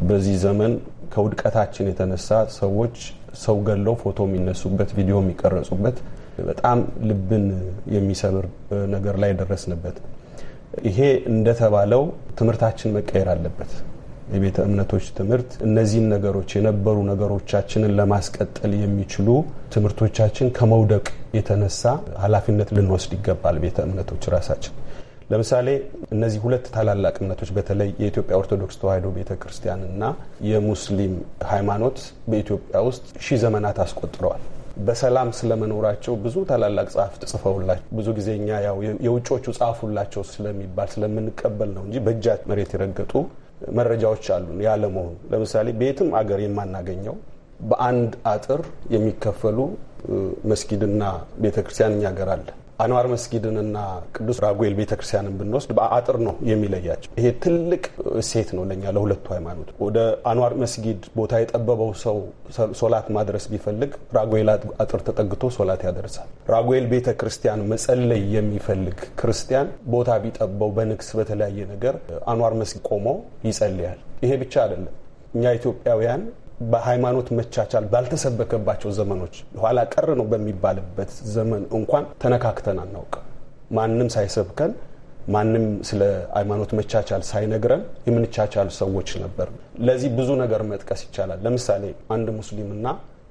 በዚህ ዘመን ከውድቀታችን የተነሳ ሰዎች ሰው ገለው ፎቶ የሚነሱበት ቪዲዮ የሚቀረጹበት በጣም ልብን የሚሰብር ነገር ላይ ደረስንበት። ይሄ እንደተባለው ትምህርታችን መቀየር አለበት። የቤተ እምነቶች ትምህርት እነዚህን ነገሮች የነበሩ ነገሮቻችንን ለማስቀጠል የሚችሉ ትምህርቶቻችን ከመውደቅ የተነሳ ኃላፊነት ልንወስድ ይገባል። ቤተ እምነቶች ራሳችን ለምሳሌ እነዚህ ሁለት ታላላቅ እምነቶች በተለይ የኢትዮጵያ ኦርቶዶክስ ተዋሕዶ ቤተ ክርስቲያንና የሙስሊም ሃይማኖት በኢትዮጵያ ውስጥ ሺህ ዘመናት አስቆጥረዋል። በሰላም ስለመኖራቸው ብዙ ታላላቅ ጸሐፍት ጽፈውላቸው ብዙ ጊዜ እኛ ያው የውጮቹ ጻፉላቸው ስለሚባል ስለምንቀበል ነው እንጂ በእጃት መሬት የረገጡ መረጃዎች አሉን ያለመሆኑ። ለምሳሌ በየትም አገር የማናገኘው በአንድ አጥር የሚከፈሉ መስጊድና ቤተክርስቲያን እኛ አገር አለ። አንዋር መስጊድንና ቅዱስ ራጉኤል ቤተክርስቲያንን ብንወስድ በአጥር ነው የሚለያቸው። ይሄ ትልቅ እሴት ነው ለኛ ለሁለቱ ሃይማኖት። ወደ አንዋር መስጊድ ቦታ የጠበበው ሰው ሶላት ማድረስ ቢፈልግ ራጉኤል አጥር ተጠግቶ ሶላት ያደርሳል። ራጉኤል ክርስቲያን መጸለይ የሚፈልግ ክርስቲያን ቦታ ቢጠበው በንግስ በተለያየ ነገር አንዋር መስጊድ ቆሞ ይጸልያል። ይሄ ብቻ አይደለም። እኛ ኢትዮጵያውያን በሃይማኖት መቻቻል ባልተሰበከባቸው ዘመኖች ኋላ ቀር ነው በሚባልበት ዘመን እንኳን ተነካክተን አናውቅም። ማንም ሳይሰብከን ማንም ስለ ሃይማኖት መቻቻል ሳይነግረን የምንቻቻል ሰዎች ነበር። ለዚህ ብዙ ነገር መጥቀስ ይቻላል። ለምሳሌ አንድ ሙስሊምና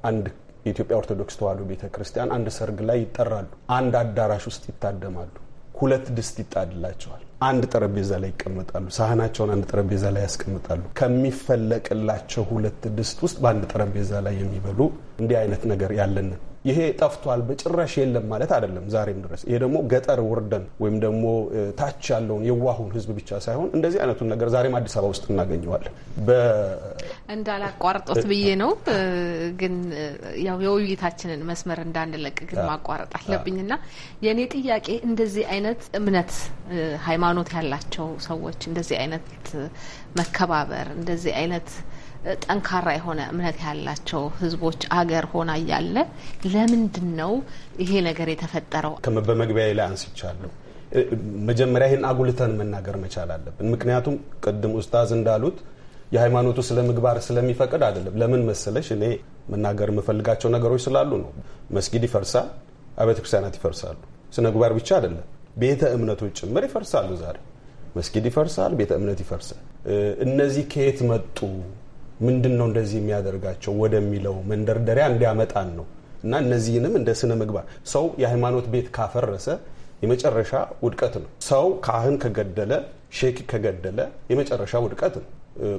አንድ የኢትዮጵያ ኦርቶዶክስ ተዋሕዶ ቤተ ክርስቲያን አንድ ሰርግ ላይ ይጠራሉ። አንድ አዳራሽ ውስጥ ይታደማሉ። ሁለት ድስት ይጣድላቸዋል። አንድ ጠረጴዛ ላይ ይቀመጣሉ። ሳህናቸውን አንድ ጠረጴዛ ላይ ያስቀምጣሉ። ከሚፈለቅላቸው ሁለት ድስት ውስጥ በአንድ ጠረጴዛ ላይ የሚበሉ እንዲህ አይነት ነገር ያለንን ይሄ ጠፍቷል በጭራሽ የለም ማለት አይደለም ዛሬም ድረስ። ይሄ ደግሞ ገጠር ወርደን ወይም ደግሞ ታች ያለውን የዋሁን ህዝብ ብቻ ሳይሆን እንደዚህ አይነቱን ነገር ዛሬም አዲስ አበባ ውስጥ እናገኘዋለን። እንዳላቋርጦት ብዬ ነው፣ ግን ያው የውይይታችንን መስመር እንዳንለቅ ግን ማቋረጥ አለብኝና የእኔ ጥያቄ እንደዚህ አይነት እምነት ሃይማኖት ያላቸው ሰዎች እንደዚህ አይነት መከባበር እንደዚህ አይነት ጠንካራ የሆነ እምነት ያላቸው ህዝቦች አገር ሆና እያለ ለምንድን ነው ይሄ ነገር የተፈጠረው? በመግቢያ ላይ አንስቻለሁ። መጀመሪያ ይህን አጉልተን መናገር መቻል አለብን። ምክንያቱም ቅድም ኡስታዝ እንዳሉት የሃይማኖቱ ስለ ምግባር ስለሚፈቅድ አይደለም። ለምን መሰለሽ እኔ መናገር የምፈልጋቸው ነገሮች ስላሉ ነው። መስጊድ ይፈርሳል፣ አብያተ ክርስቲያናት ይፈርሳሉ። ስነ ምግባር ብቻ አይደለም፣ ቤተ እምነቶች ጭምር ይፈርሳሉ። ዛሬ መስጊድ ይፈርሳል፣ ቤተ እምነት ይፈርሳል። እነዚህ ከየት መጡ ምንድን ነው እንደዚህ የሚያደርጋቸው ወደሚለው መንደርደሪያ እንዲያመጣን ነው እና እነዚህንም እንደ ስነ ምግባር ሰው የሃይማኖት ቤት ካፈረሰ የመጨረሻ ውድቀት ነው። ሰው ካህን ከገደለ፣ ሼክ ከገደለ የመጨረሻ ውድቀት ነው።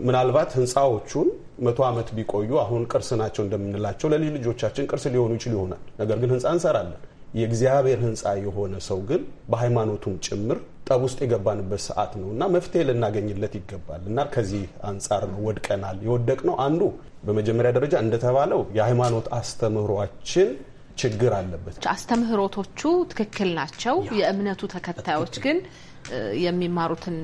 ምናልባት ህንፃዎቹን መቶ ዓመት ቢቆዩ አሁን ቅርስ ናቸው እንደምንላቸው ለልጅ ልጆቻችን ቅርስ ሊሆኑ ይችሉ ይሆናል። ነገር ግን ህንፃ እንሰራለን። የእግዚአብሔር ህንፃ የሆነ ሰው ግን በሃይማኖቱም ጭምር ጠብ ውስጥ የገባንበት ሰዓት ነው እና መፍትሄ ልናገኝለት ይገባል እና ከዚህ አንጻር ነው ወድቀናል። የወደቅ ነው አንዱ በመጀመሪያ ደረጃ እንደተባለው የሃይማኖት አስተምህሯችን ችግር አለበት። አስተምህሮቶቹ ትክክል ናቸው። የእምነቱ ተከታዮች ግን የሚማሩትን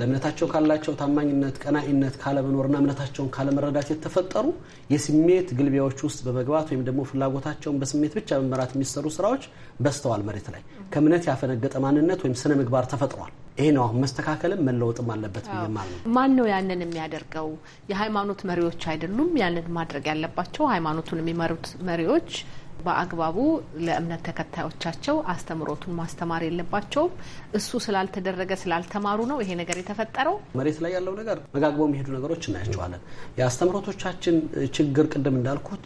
ለእምነታቸው ካላቸው ታማኝነት፣ ቀናኢነት ካለመኖርና እምነታቸውን ካለመረዳት የተፈጠሩ የስሜት ግልቢያዎች ውስጥ በመግባት ወይም ደግሞ ፍላጎታቸውን በስሜት ብቻ መመራት የሚሰሩ ስራዎች በስተዋል መሬት ላይ ከእምነት ያፈነገጠ ማንነት ወይም ስነ ምግባር ተፈጥሯል። ይሄ ነው አሁን መስተካከልም መለወጥም አለበት ብዬ ነው። ማን ነው ያንን የሚያደርገው? የሃይማኖት መሪዎች አይደሉም ያንን ማድረግ ያለባቸው። ሃይማኖቱን የሚመሩት መሪዎች በአግባቡ ለእምነት ተከታዮቻቸው አስተምሮቱን ማስተማር የለባቸውም። እሱ ስላልተደረገ ስላልተማሩ ነው ይሄ ነገር የተፈጠረው። መሬት ላይ ያለው ነገር መጋግበው የሚሄዱ ነገሮች እናያቸዋለን። የአስተምሮቶቻችን ችግር ቅድም እንዳልኩት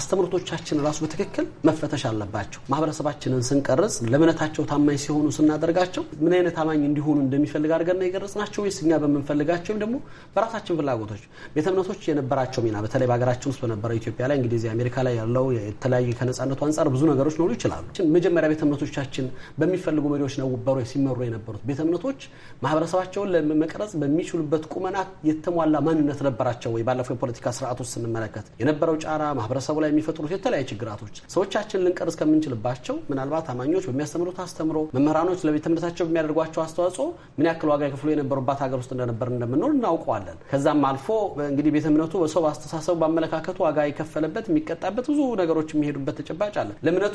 አስተምሮቶቻችን ራሱ በትክክል መፈተሽ አለባቸው። ማህበረሰባችንን ስንቀርጽ ለእምነታቸው ታማኝ ሲሆኑ ስናደርጋቸው ምን አይነት ታማኝ እንዲሆኑ እንደሚፈልግ አድርገን ነው የቀረጽናቸው ወይስ እኛ በምንፈልጋቸው ደግሞ በራሳችን ፍላጎቶች ቤተ እምነቶች የነበራቸው ሚና በተለይ በሀገራችን ውስጥ በነበረው ኢትዮጵያ ላይ እንግዲህ አሜሪካ ላይ ያለው የተለያዩ ከነጻነቱ አንጻር ብዙ ነገሮች ሊኖሩ ይችላሉ። መጀመሪያ ቤተ እምነቶቻችን በሚፈልጉ መሪዎች ነበሩ ሲመሩ የነበሩት። ቤተ እምነቶች ማህበረሰባቸውን ለመቅረጽ በሚችሉበት ቁመና የተሟላ ማንነት ነበራቸው ወይ? ባለፈው የፖለቲካ ስርዓት ውስጥ ስንመለከት የነበረው ጫራ ማህበረሰቡ ላይ የሚፈጥሩት የተለያዩ ችግራቶች ሰዎቻችን ልንቀርጽ ከምንችልባቸው ምናልባት አማኞች በሚያስተምሩት አስተምሮ መምህራኖች ለቤተ እምነታቸው በሚያደርጓቸው አስተዋጽኦ ምን ያክል ዋጋ የከፍሎ የነበሩባት ሀገር ውስጥ እንደነበር እንደምንኖር እናውቀዋለን። ከዛም አልፎ እንግዲህ ቤተ እምነቱ በሰው አስተሳሰቡ፣ በአመለካከቱ ዋጋ የከፈለበት የሚቀጣበት ብዙ ነገሮች የሚሄዱ የምናይበት ተጨባጭ አለ። ለእምነቱ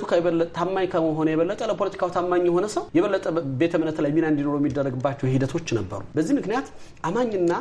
ታማኝ ከመሆነ የበለጠ ለፖለቲካው ታማኝ የሆነ ሰው የበለጠ ቤተ እምነት ላይ ሚና እንዲኖረው የሚደረግባቸው ሂደቶች ነበሩ። በዚህ ምክንያት አማኝና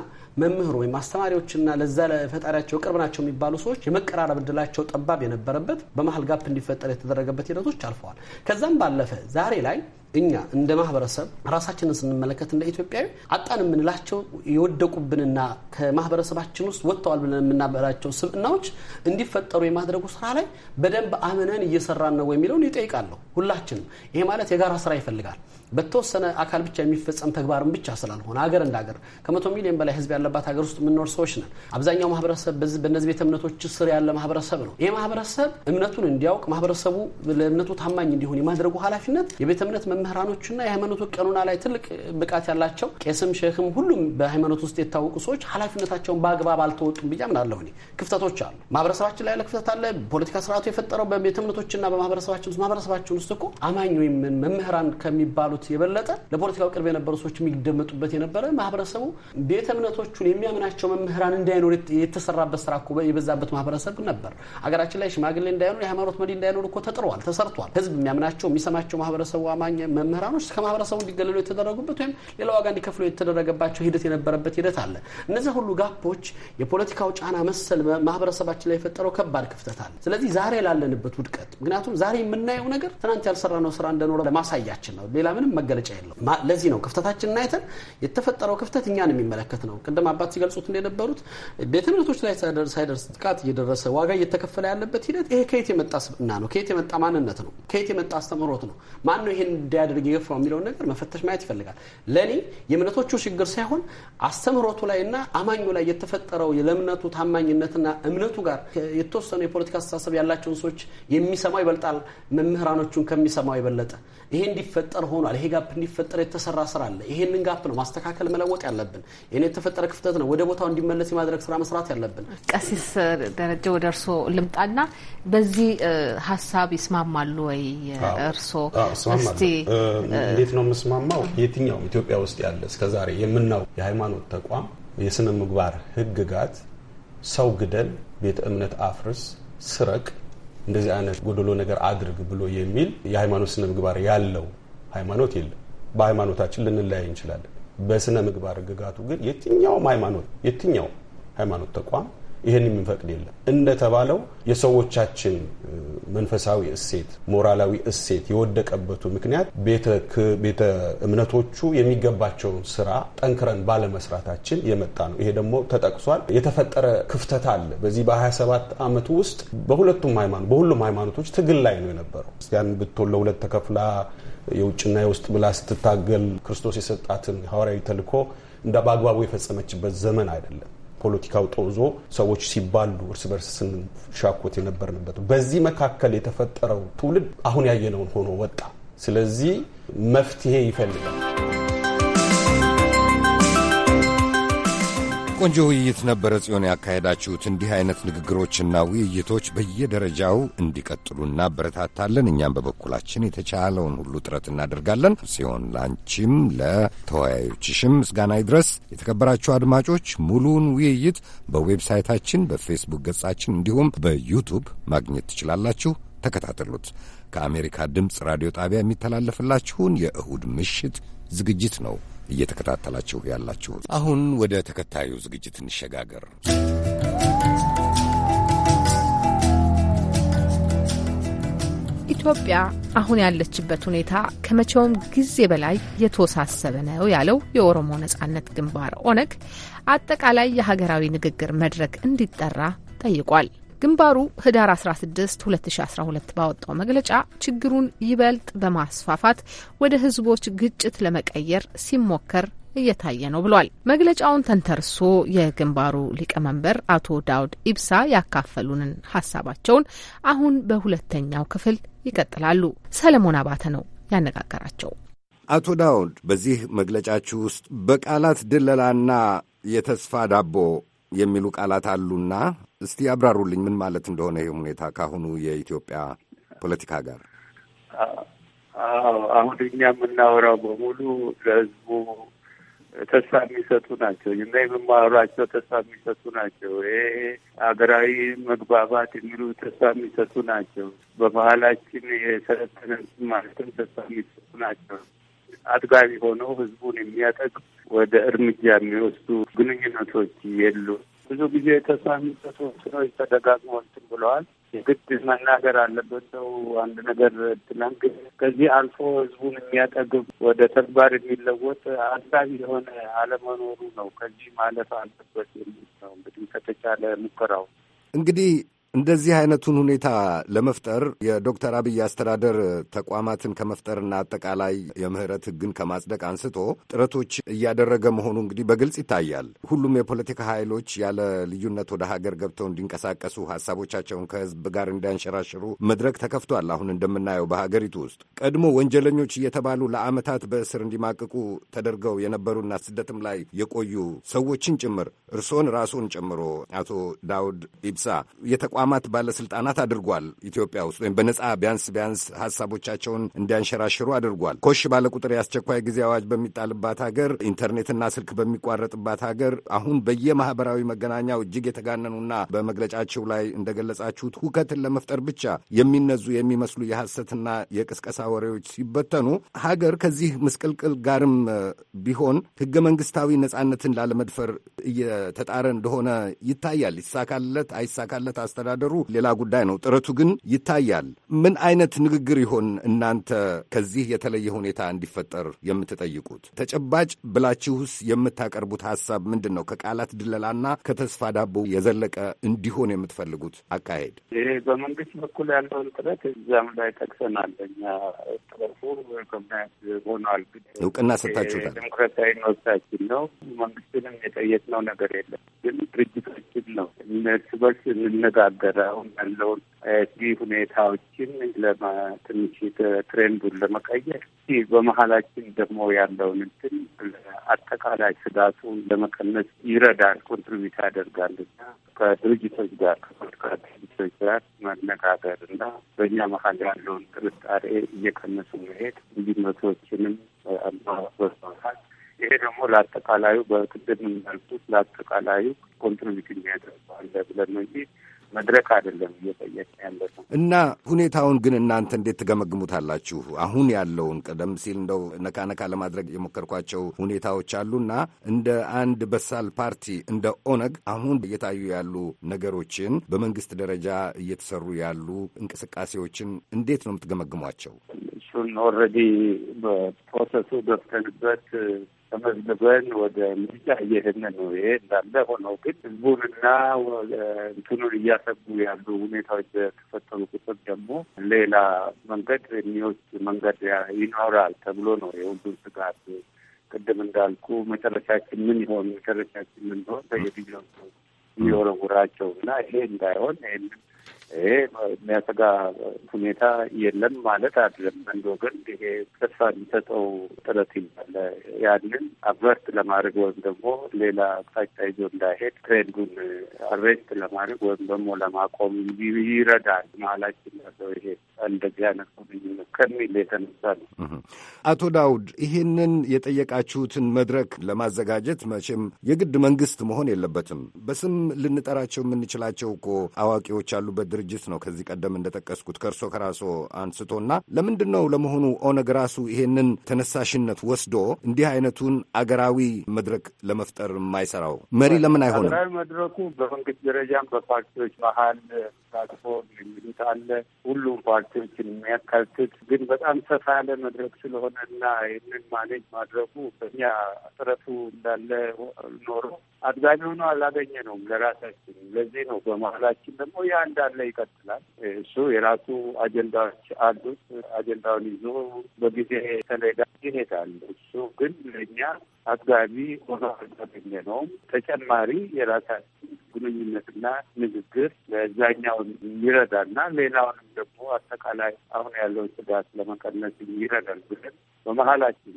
መምህር ወይም አስተማሪዎችና ለዛ ለፈጣሪያቸው ቅርብ ናቸው የሚባሉ ሰዎች የመቀራረብ እድላቸው ጠባብ የነበረበት በመሀል ጋፕ እንዲፈጠር የተደረገበት ሂደቶች አልፈዋል። ከዛም ባለፈ ዛሬ ላይ እኛ እንደ ማህበረሰብ ራሳችንን ስንመለከት እንደ ኢትዮጵያዊ አጣን የምንላቸው የወደቁብንና ከማህበረሰባችን ውስጥ ወጥተዋል ብለን የምናበራቸው ስብዕናዎች እንዲፈጠሩ የማድረጉ ስራ ላይ በደንብ አምነን እየሰራን ነው የሚለውን ይጠይቃለሁ ሁላችንም። ይሄ ማለት የጋራ ስራ ይፈልጋል። በተወሰነ አካል ብቻ የሚፈጸም ተግባርም ብቻ ስላልሆነ ሀገር እንደ ሀገር ከመቶ ሚሊዮን በላይ ህዝብ ያለባት ሀገር ውስጥ የምንኖር ሰዎች ነን። አብዛኛው ማህበረሰብ በዚህ በእነዚህ ቤተ እምነቶች ስር ያለ ማህበረሰብ ነው። ይህ ማህበረሰብ እምነቱን እንዲያውቅ ማህበረሰቡ ለእምነቱ ታማኝ እንዲሆን የማድረጉ ኃላፊነት የቤተ እምነት መምህራኖችና የሃይማኖቱ ቀኖና ላይ ትልቅ ብቃት ያላቸው ቄስም፣ ሼህም ሁሉም በሃይማኖት ውስጥ የታወቁ ሰዎች ኃላፊነታቸውን በአግባብ አልተወጡም ብዬ አምናለሁ። እኔ ክፍተቶች አሉ። ማህበረሰባችን ላይ ያለ ክፍተት አለ። ፖለቲካ ስርዓቱ የፈጠረው በቤተ እምነቶችና በማህበረሰባችን ውስጥ ማህበረሰባችን ውስጥ እኮ አማኝ ወይም መምህራን ከሚባሉ ካሉት የበለጠ ለፖለቲካው ቅርብ የነበሩ ሰዎች የሚደመጡበት የነበረ ማህበረሰቡ ቤተ እምነቶቹን የሚያምናቸው መምህራን እንዳይኖር የተሰራበት ስራ እኮ የበዛበት ማህበረሰብ ነበር። አገራችን ላይ ሽማግሌ እንዳይኖር፣ የሃይማኖት መሪ እንዳይኖር እኮ ተጥረዋል፣ ተሰርቷል። ህዝብ የሚያምናቸው የሚሰማቸው ማህበረሰቡ አማኝ መምህራኖች ከማህበረሰቡ እንዲገለሉ የተደረጉበት ወይም ሌላ ዋጋ እንዲከፍሉ የተደረገባቸው ሂደት የነበረበት ሂደት አለ። እነዚህ ሁሉ ጋፖች የፖለቲካው ጫና መሰል ማህበረሰባችን ላይ የፈጠረው ከባድ ክፍተት አለ። ስለዚህ ዛሬ ላለንበት ውድቀት ምክንያቱም ዛሬ የምናየው ነገር ትናንት ያልሰራነው ስራ እንደኖረ ለማሳያችን ነው። ሌላ ምንም ምንም መገለጫ የለውም። ለዚህ ነው ክፍተታችንን አይተን የተፈጠረው ክፍተት እኛን የሚመለከት ነው። ቅድም አባት ሲገልጹት እንደነበሩት ቤተ እምነቶች ላይ ሳይደርስ ጥቃት እየደረሰ ዋጋ እየተከፈለ ያለበት ሂደት ይሄ ከየት የመጣ ስብዕና ነው? ከየት የመጣ ማንነት ነው? ከየት የመጣ አስተምሮት ነው? ማን ነው ይሄን እንዲያደርግ የገፋው የሚለውን ነገር መፈተሽ ማየት ይፈልጋል። ለእኔ የእምነቶቹ ችግር ሳይሆን አስተምሮቱ ላይና አማኙ ላይ የተፈጠረው ለእምነቱ ታማኝነትና እምነቱ ጋር የተወሰኑ የፖለቲካ አስተሳሰብ ያላቸውን ሰዎች የሚሰማው ይበልጣል መምህራኖቹን ከሚሰማው የበለጠ ይሄ እንዲፈጠር ሆኗል። ይሄ ጋፕ እንዲፈጠር የተሰራ ስራ አለ። ይሄንን ጋፕ ነው ማስተካከል መለወጥ ያለብን። ይህን የተፈጠረ ክፍተት ነው ወደ ቦታው እንዲመለስ የማድረግ ስራ መስራት ያለብን። ቀሲስ ደረጀ ወደ እርስዎ ልምጣና በዚህ ሀሳብ ይስማማሉ ወይ እርስዎ? እንዴት ነው የምስማማው? የትኛውም ኢትዮጵያ ውስጥ ያለ እስከዛሬ የምናው የሃይማኖት ተቋም የስነ ምግባር ህግጋት ሰው ግደል፣ ቤተ እምነት አፍርስ፣ ስረቅ እንደዚህ አይነት ጎደሎ ነገር አድርግ ብሎ የሚል የሃይማኖት ስነ ምግባር ያለው ሃይማኖት የለም። በሃይማኖታችን ልንለያይ እንችላለን። በስነ ምግባር ግጋቱ ግን የትኛውም ሃይማኖት የትኛው ሃይማኖት ተቋም ይህን የሚፈቅድ የለም። እንደተባለው የሰዎቻችን መንፈሳዊ እሴት፣ ሞራላዊ እሴት የወደቀበቱ ምክንያት ቤተ እምነቶቹ የሚገባቸውን ስራ ጠንክረን ባለመስራታችን የመጣ ነው። ይሄ ደግሞ ተጠቅሷል። የተፈጠረ ክፍተት አለ። በዚህ በ27 ዓመቱ ውስጥ በሁለቱም ሃይማኖት በሁሉም ሃይማኖቶች ትግል ላይ ነው የነበረው። ክርስቲያን ብትሆን ለሁለት ተከፍላ የውጭና የውስጥ ብላ ስትታገል ክርስቶስ የሰጣትን ሐዋርያዊ ተልዕኮ እንደ በአግባቡ የፈጸመችበት ዘመን አይደለም። ፖለቲካው ጦዞ ሰዎች ሲባሉ እርስ በርስ ስንሻኮት የነበርንበት በዚህ መካከል የተፈጠረው ትውልድ አሁን ያየነውን ሆኖ ወጣ። ስለዚህ መፍትሄ ይፈልጋል። ቆንጆ ውይይት ነበረ ጽዮን ያካሄዳችሁት። እንዲህ አይነት ንግግሮችና ውይይቶች በየደረጃው እንዲቀጥሉ እናበረታታለን። እኛም በበኩላችን የተቻለውን ሁሉ ጥረት እናደርጋለን። ጽዮን፣ ላንቺም ለተወያዮችሽም ምስጋና ይድረስ። የተከበራችሁ አድማጮች ሙሉውን ውይይት በዌብሳይታችን፣ በፌስቡክ ገጻችን እንዲሁም በዩቱብ ማግኘት ትችላላችሁ። ተከታተሉት። ከአሜሪካ ድምፅ ራዲዮ ጣቢያ የሚተላለፍላችሁን የእሁድ ምሽት ዝግጅት ነው እየተከታተላችሁ ያላችሁት። አሁን ወደ ተከታዩ ዝግጅት እንሸጋገር። ኢትዮጵያ አሁን ያለችበት ሁኔታ ከመቼውም ጊዜ በላይ የተወሳሰበ ነው ያለው የኦሮሞ ነጻነት ግንባር ኦነግ አጠቃላይ የሀገራዊ ንግግር መድረክ እንዲጠራ ጠይቋል። ግንባሩ ህዳር 16 2012 ባወጣው መግለጫ ችግሩን ይበልጥ በማስፋፋት ወደ ህዝቦች ግጭት ለመቀየር ሲሞከር እየታየ ነው ብሏል። መግለጫውን ተንተርሶ የግንባሩ ሊቀመንበር አቶ ዳውድ ኢብሳ ያካፈሉንን ሀሳባቸውን አሁን በሁለተኛው ክፍል ይቀጥላሉ። ሰለሞን አባተ ነው ያነጋገራቸው። አቶ ዳውድ፣ በዚህ መግለጫችሁ ውስጥ በቃላት ድለላና የተስፋ ዳቦ የሚሉ ቃላት አሉና እስቲ ያብራሩልኝ ምን ማለት እንደሆነ ይህ ሁኔታ ከአሁኑ የኢትዮጵያ ፖለቲካ ጋር። አሁን እኛ የምናወራው በሙሉ ለህዝቡ ተስፋ የሚሰጡ ናቸው። እና የምማወራቸው ተስፋ የሚሰጡ ናቸው። ይሄ ሀገራዊ መግባባት የሚሉ ተስፋ የሚሰጡ ናቸው። በባህላችን የሰለጠነ ማለትም ተስፋ የሚሰጡ ናቸው። አጥጋቢ ሆነው ህዝቡን የሚያጠቅ ወደ እርምጃ የሚወስዱ ግንኙነቶች የሉ። ብዙ ጊዜ ተስማሚ ስራዎች ተደጋግሞ እንትን ብለዋል። የግድ መናገር አለበት ሰው አንድ ነገር ትናንት ከዚህ አልፎ ህዝቡን የሚያጠግብ ወደ ተግባር የሚለወጥ አጥጋቢ የሆነ አለመኖሩ ነው። ከዚህ ማለፍ አለበት የሚል ነው እንግዲህ ከተቻለ ሙከራው እንግዲህ እንደዚህ አይነቱን ሁኔታ ለመፍጠር የዶክተር አብይ አስተዳደር ተቋማትን ከመፍጠርና አጠቃላይ የምህረት ህግን ከማጽደቅ አንስቶ ጥረቶች እያደረገ መሆኑ እንግዲህ በግልጽ ይታያል። ሁሉም የፖለቲካ ኃይሎች ያለ ልዩነት ወደ ሀገር ገብተው እንዲንቀሳቀሱ፣ ሀሳቦቻቸውን ከህዝብ ጋር እንዲያንሸራሽሩ መድረክ ተከፍቷል። አሁን እንደምናየው በሀገሪቱ ውስጥ ቀድሞ ወንጀለኞች እየተባሉ ለአመታት በእስር እንዲማቅቁ ተደርገው የነበሩና ስደትም ላይ የቆዩ ሰዎችን ጭምር እርስዎን ራስዎን ጨምሮ አቶ ዳውድ ኢብሳ የተቋ ተቋማት ባለስልጣናት አድርጓል። ኢትዮጵያ ውስጥ ወይም በነጻ ቢያንስ ቢያንስ ሀሳቦቻቸውን እንዲያንሸራሽሩ አድርጓል። ኮሽ ባለ ቁጥር የአስቸኳይ ጊዜ አዋጅ በሚጣልባት ሀገር፣ ኢንተርኔትና ስልክ በሚቋረጥባት ሀገር አሁን በየማህበራዊ መገናኛው እጅግ የተጋነኑና በመግለጫቸው ላይ እንደገለጻችሁት ሁከትን ለመፍጠር ብቻ የሚነዙ የሚመስሉ የሐሰትና የቅስቀሳ ወሬዎች ሲበተኑ ሀገር ከዚህ ምስቅልቅል ጋርም ቢሆን ህገ መንግስታዊ ነጻነትን ላለመድፈር እየተጣረ እንደሆነ ይታያል። ይሳካለት አይሳካለት አስተዳደ መወዳደሩ ሌላ ጉዳይ ነው። ጥረቱ ግን ይታያል። ምን አይነት ንግግር ይሆን እናንተ ከዚህ የተለየ ሁኔታ እንዲፈጠር የምትጠይቁት? ተጨባጭ ብላችሁስ የምታቀርቡት ሀሳብ ምንድን ነው? ከቃላት ድለላና ከተስፋ ዳቦ የዘለቀ እንዲሆን የምትፈልጉት አካሄድ? ይሄ በመንግስት በኩል ያለውን ጥረት እዚያም ላይ ጠቅሰናል። እኛ ጥረቱ ምክንያት ሆኗል። እውቅና ሰጥታችሁታል። ዲሞክራሲያዊ መብታችን ነው። መንግስትንም የጠየቅነው ነገር የለም። ግን ድርጅቶችን ነው እነሱ በርስ እንነጋገር ነገር አሁን ያለውን ዚህ ሁኔታዎችን ትንሽ ትሬንዱን ለመቀየር በመሀላችን ደግሞ ያለውን እንትን አጠቃላይ ስጋቱን ለመቀነስ ይረዳል፣ ኮንትሪቢዩት ያደርጋል እና ከድርጅቶች ጋር ከፖለቲካ ድርጅቶች ጋር መነጋገር እና በእኛ መሀል ያለውን ጥርጣሬ እየቀነሱ መሄድ ልዩነቶችንም በማውጣት ይሄ ደግሞ ለአጠቃላዩ በቅድም እንዳልኩት ለአጠቃላዩ ኮንትሪቢዩት የሚያደርገዋለ ብለን ነው እንጂ መድረክ አይደለም እየጠየቅ ያለ ነው እና ሁኔታውን ግን እናንተ እንዴት ትገመግሙታላችሁ? አሁን ያለውን ቀደም ሲል እንደው ነካ ነካ ለማድረግ የሞከርኳቸው ሁኔታዎች አሉና እንደ አንድ በሳል ፓርቲ እንደ ኦነግ አሁን እየታዩ ያሉ ነገሮችን በመንግስት ደረጃ እየተሰሩ ያሉ እንቅስቃሴዎችን እንዴት ነው የምትገመግሟቸው? እሱን ኦልሬዲ በፕሮሰሱ ገብተንበት ተመዝግበን ወደ ምርጫ እየሄድን ነው። ይሄ እንዳለ ሆነው ግን ህዝቡንና እንትኑን እያሰጉ ያሉ ሁኔታዎች በተፈጠሩ ቁጥር ደግሞ ሌላ መንገድ የሚወስድ መንገድ ይኖራል ተብሎ ነው የሁሉም ስጋት። ቅድም እንዳልኩ መጨረሻችን ምን ይሆን መጨረሻችን ምን ይሆን በየጊዜው እየወረወራቸው እና ይሄ እንዳይሆን ይህንን ይሄ የሚያሰጋ ሁኔታ የለም ማለት አይደለም። አንድ ግን ይሄ ተስፋ የሚሰጠው ጥረት ይዛለ ያንን አቨርት ለማድረግ ወይም ደግሞ ሌላ አቅጣጫ ይዞ እንዳይሄድ ትሬንዱን አሬስት ለማድረግ ወይም ደግሞ ለማቆም ይረዳል። መሀላችን ያለው ይሄ እንደዚህ አይነት ግንኙነት ከሚል የተነሳ ነው። አቶ ዳውድ ይህንን የጠየቃችሁትን መድረክ ለማዘጋጀት መቼም የግድ መንግስት መሆን የለበትም። በስም ልንጠራቸው የምንችላቸው እኮ አዋቂዎች አሉበት ድርጅት ነው ከዚህ ቀደም እንደጠቀስኩት ከእርሶ ከራሶ አንስቶና ለምንድን ነው ለመሆኑ ኦነግ ራሱ ይሄንን ተነሳሽነት ወስዶ እንዲህ አይነቱን አገራዊ መድረክ ለመፍጠር የማይሰራው መሪ ለምን አይሆንም? አገራዊ መድረኩ በመንግስት ደረጃም በፓርቲዎች መሀል ተሳትፎ የሚሉት አለ ሁሉም ፓርቲዎችን የሚያካትት ግን በጣም ሰፋ ያለ መድረክ ስለሆነ እና ይህንን ማኔጅ ማድረጉ በኛ ጥረቱ እንዳለ ኖሮ አድጋሚ ሆኖ አላገኘ ነውም ለራሳችን። ለዚህ ነው በመሀላችን ደግሞ ያ እንዳለ ይቀጥላል። እሱ የራሱ አጀንዳዎች አሉት። አጀንዳውን ይዞ በጊዜ ሰሌዳ ይሄዳል። እሱ ግን ለእኛ አጥጋቢ ሆኖ አገኘ ነው። ተጨማሪ የራሳችን ግንኙነትና ንግግር ለዛኛውን ይረዳና ሌላውንም ደግሞ አጠቃላይ አሁን ያለውን ስጋት ለመቀነስ ይረዳል ብለን በመሀላችን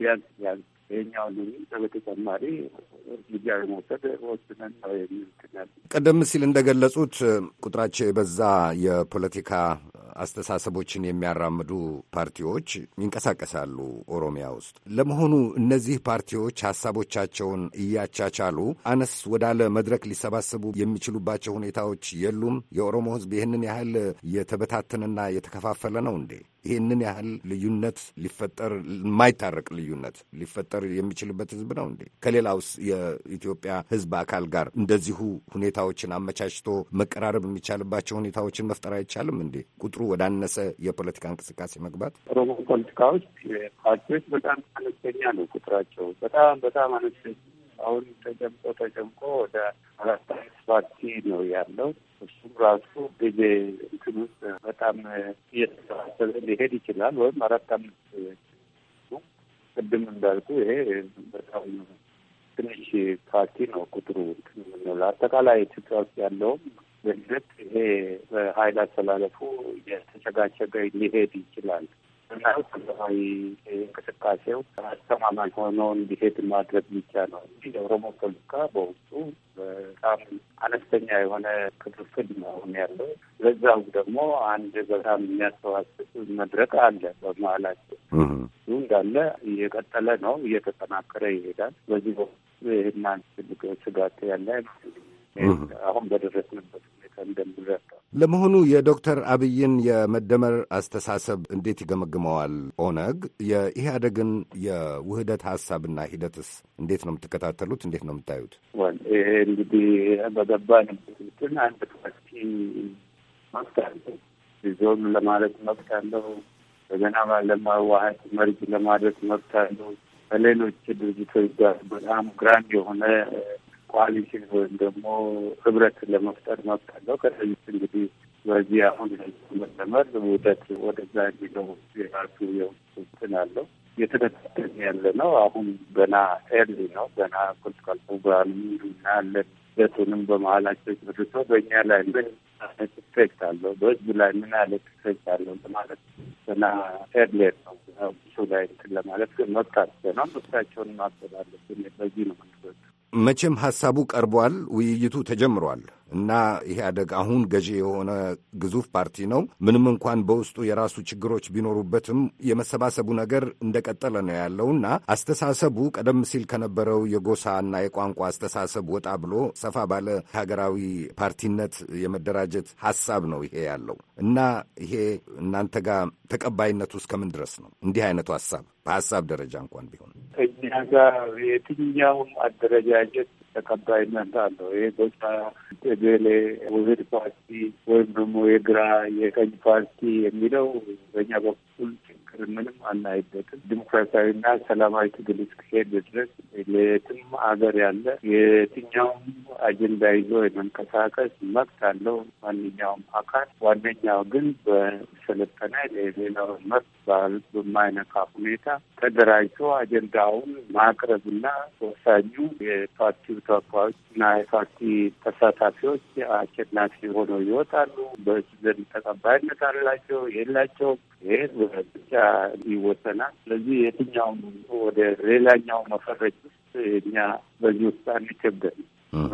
ቢያንስ ቢያንስ ይሄኛውንም በተጨማሪ መውሰድ ወስነን ነው ቀደም ሲል እንደገለጹት ቁጥራቸው የበዛ የፖለቲካ አስተሳሰቦችን የሚያራምዱ ፓርቲዎች ይንቀሳቀሳሉ ኦሮሚያ ውስጥ። ለመሆኑ እነዚህ ፓርቲዎች ሀሳቦቻቸውን እያቻቻሉ አነስ ወዳለ መድረክ ሊሰባሰቡ የሚችሉባቸው ሁኔታዎች የሉም? የኦሮሞ ሕዝብ ይህንን ያህል የተበታተነና የተከፋፈለ ነው እንዴ? ይህንን ያህል ልዩነት ሊፈጠር የማይታረቅ ልዩነት ሊፈጠር የሚችልበት ህዝብ ነው እንዴ? ከሌላውስ የኢትዮጵያ ህዝብ አካል ጋር እንደዚሁ ሁኔታዎችን አመቻችቶ መቀራረብ የሚቻልባቸው ሁኔታዎችን መፍጠር አይቻልም እንዴ? ቁጥሩ ወዳነሰ የፖለቲካ እንቅስቃሴ መግባት ኦሮሞ ፖለቲካዎች ፓርቲዎች በጣም አነስተኛ ነው። ቁጥራቸው በጣም በጣም አነስተኛ አሁን ተጨምቆ ተጨምቆ ወደ አራት ፓርቲ ነው ያለው። እሱም ራሱ ጊዜ እንትን ውስጥ በጣም እየተሰባሰበ ሊሄድ ይችላል። ወይም አራት አምስት ቅድም እንዳልኩ ይሄ በጣም ትንሽ ፓርቲ ነው ቁጥሩ ምንለ አጠቃላይ ኢትዮጵያ ውስጥ ያለውም በሂደት ይሄ በሀይል አሰላለፉ እየተጨጋጨገ ሊሄድ ይችላል። የምናየው ሰላማዊ እንቅስቃሴው አስተማማኝ ሆኖ እንዲሄድ ማድረግ ብቻ ነው እንጂ የኦሮሞ ፖለቲካ በውስጡ በጣም አነስተኛ የሆነ ክፍፍል መሆን ያለው ለዛው ደግሞ አንድ በጣም የሚያሰባስብ መድረክ አለ በመሀላቸው። እሱ እንዳለ እየቀጠለ ነው፣ እየተጠናከረ ይሄዳል። በዚህ ይህና ስጋት ያለ አሁን በደረስንበት ሁኔታ እንደምንረዳ ለመሆኑ የዶክተር አብይን የመደመር አስተሳሰብ እንዴት ይገመግመዋል? ኦነግ የኢህአደግን የውህደት ሀሳብና ሂደትስ እንዴት ነው የምትከታተሉት? እንዴት ነው የምታዩት? ይሄ እንግዲህ በገባንበት አንድ ፓርቲ መብት አለው ዞን ለማለት መብት አለው። በገና ለማዋሀት መርጅ ለማድረግ መብት አለው። ከሌሎች ድርጅቶች ጋር በጣም ግራንድ የሆነ ኮአሊሽን ወይም ደግሞ ህብረት ለመፍጠር መብት አለው። ከዚህ እንግዲህ በዚህ አሁን መጠመር ውደት ወደዛ የሚለው የራሱ የውስጥ እንትን አለው። እየተከታተልን ያለ ነው። አሁን ገና ኤርሊ ነው። ገና ፖለቲካል ፕሮግራም እና ለቱንም በመሀላቸው ጨርሶ በእኛ ላይ ምን አይነት ኢፌክት አለው፣ በህዝብ ላይ ምን አይነት ኢፌክት አለው ለማለት ገና ኤርሊ ነው። እሱ ላይ እንትን ለማለት ግን መብታቸው ነው። መብታቸውን ማስተላለፍ በዚህ ነው ምንበት መቼም ሐሳቡ ቀርቧል፣ ውይይቱ ተጀምሯል። እና ኢህአደግ አሁን ገዢ የሆነ ግዙፍ ፓርቲ ነው። ምንም እንኳን በውስጡ የራሱ ችግሮች ቢኖሩበትም የመሰባሰቡ ነገር እንደቀጠለ ነው እና አስተሳሰቡ ቀደም ሲል ከነበረው የጎሳ እና የቋንቋ አስተሳሰብ ወጣ ብሎ ሰፋ ባለ ሀገራዊ ፓርቲነት የመደራጀት ሀሳብ ነው ይሄ ያለው እና ይሄ እናንተ ጋር ተቀባይነቱ እስከምን ድረስ ነው እንዲህ አይነቱ ሀሳብ? በሀሳብ ደረጃ እንኳን ቢሆን እኛ ጋር የትኛውም አደረጃጀት ተቀባይነት አለው። ይሄ ጎሳ እገሌ ውህድ ፓርቲ ወይም ደግሞ የግራ የቀኝ ፓርቲ የሚለው በእኛ በኩል ክርክር ምንም አናይበትም። ዲሞክራሲያዊና ሰላማዊ ትግል እስክሄድ ድረስ ለየትም ሀገር ያለ የትኛውም አጀንዳ ይዞ የመንቀሳቀስ መብት አለው ማንኛውም አካል። ዋነኛው ግን በሰለጠነ የሌላው መብት በማይነካ ሁኔታ ተደራጅቶ አጀንዳውን ማቅረብና ወሳኙ የፓርቲው ተወካዮች እና የፓርቲ ተሳታፊዎች አሸናፊ ሆነው ይወጣሉ። በህዝብ ዘንድ ተቀባይነት አላቸው የላቸውም። ይህ ብቻ ይወሰናል። ስለዚህ የትኛውም ወደ ሌላኛው መፈረጅ ውስጥ እኛ በዚህ ውስጥ አንከብደን።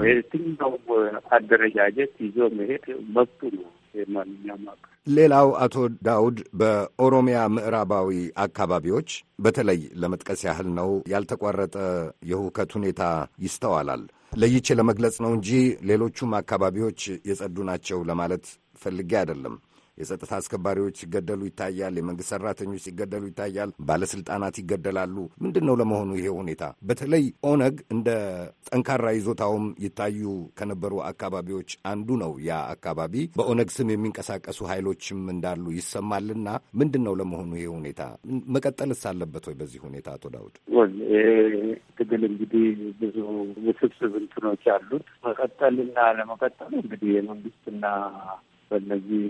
የትኛው አደረጃጀት ይዞ መሄድ መብቱ ነው የማንኛውም አካል። ሌላው አቶ ዳውድ በኦሮሚያ ምዕራባዊ አካባቢዎች በተለይ ለመጥቀስ ያህል ነው ያልተቋረጠ የሁከት ሁኔታ ይስተዋላል። ለይቼ ለመግለጽ ነው እንጂ ሌሎቹም አካባቢዎች የጸዱ ናቸው ለማለት ፈልጌ አይደለም። የጸጥታ አስከባሪዎች ሲገደሉ ይታያል። የመንግስት ሰራተኞች ሲገደሉ ይታያል። ባለስልጣናት ይገደላሉ። ምንድን ነው ለመሆኑ ይሄ ሁኔታ? በተለይ ኦነግ እንደ ጠንካራ ይዞታውም ይታዩ ከነበሩ አካባቢዎች አንዱ ነው። ያ አካባቢ በኦነግ ስም የሚንቀሳቀሱ ኃይሎችም እንዳሉ ይሰማልና ምንድን ነው ለመሆኑ ይሄ ሁኔታ መቀጠልስ አለበት ወይ? በዚህ ሁኔታ አቶ ዳውድ ትግል እንግዲህ ብዙ ውስብስብ እንትኖች አሉት። መቀጠልና ለመቀጠሉ እንግዲህ የመንግስትና በእነዚህ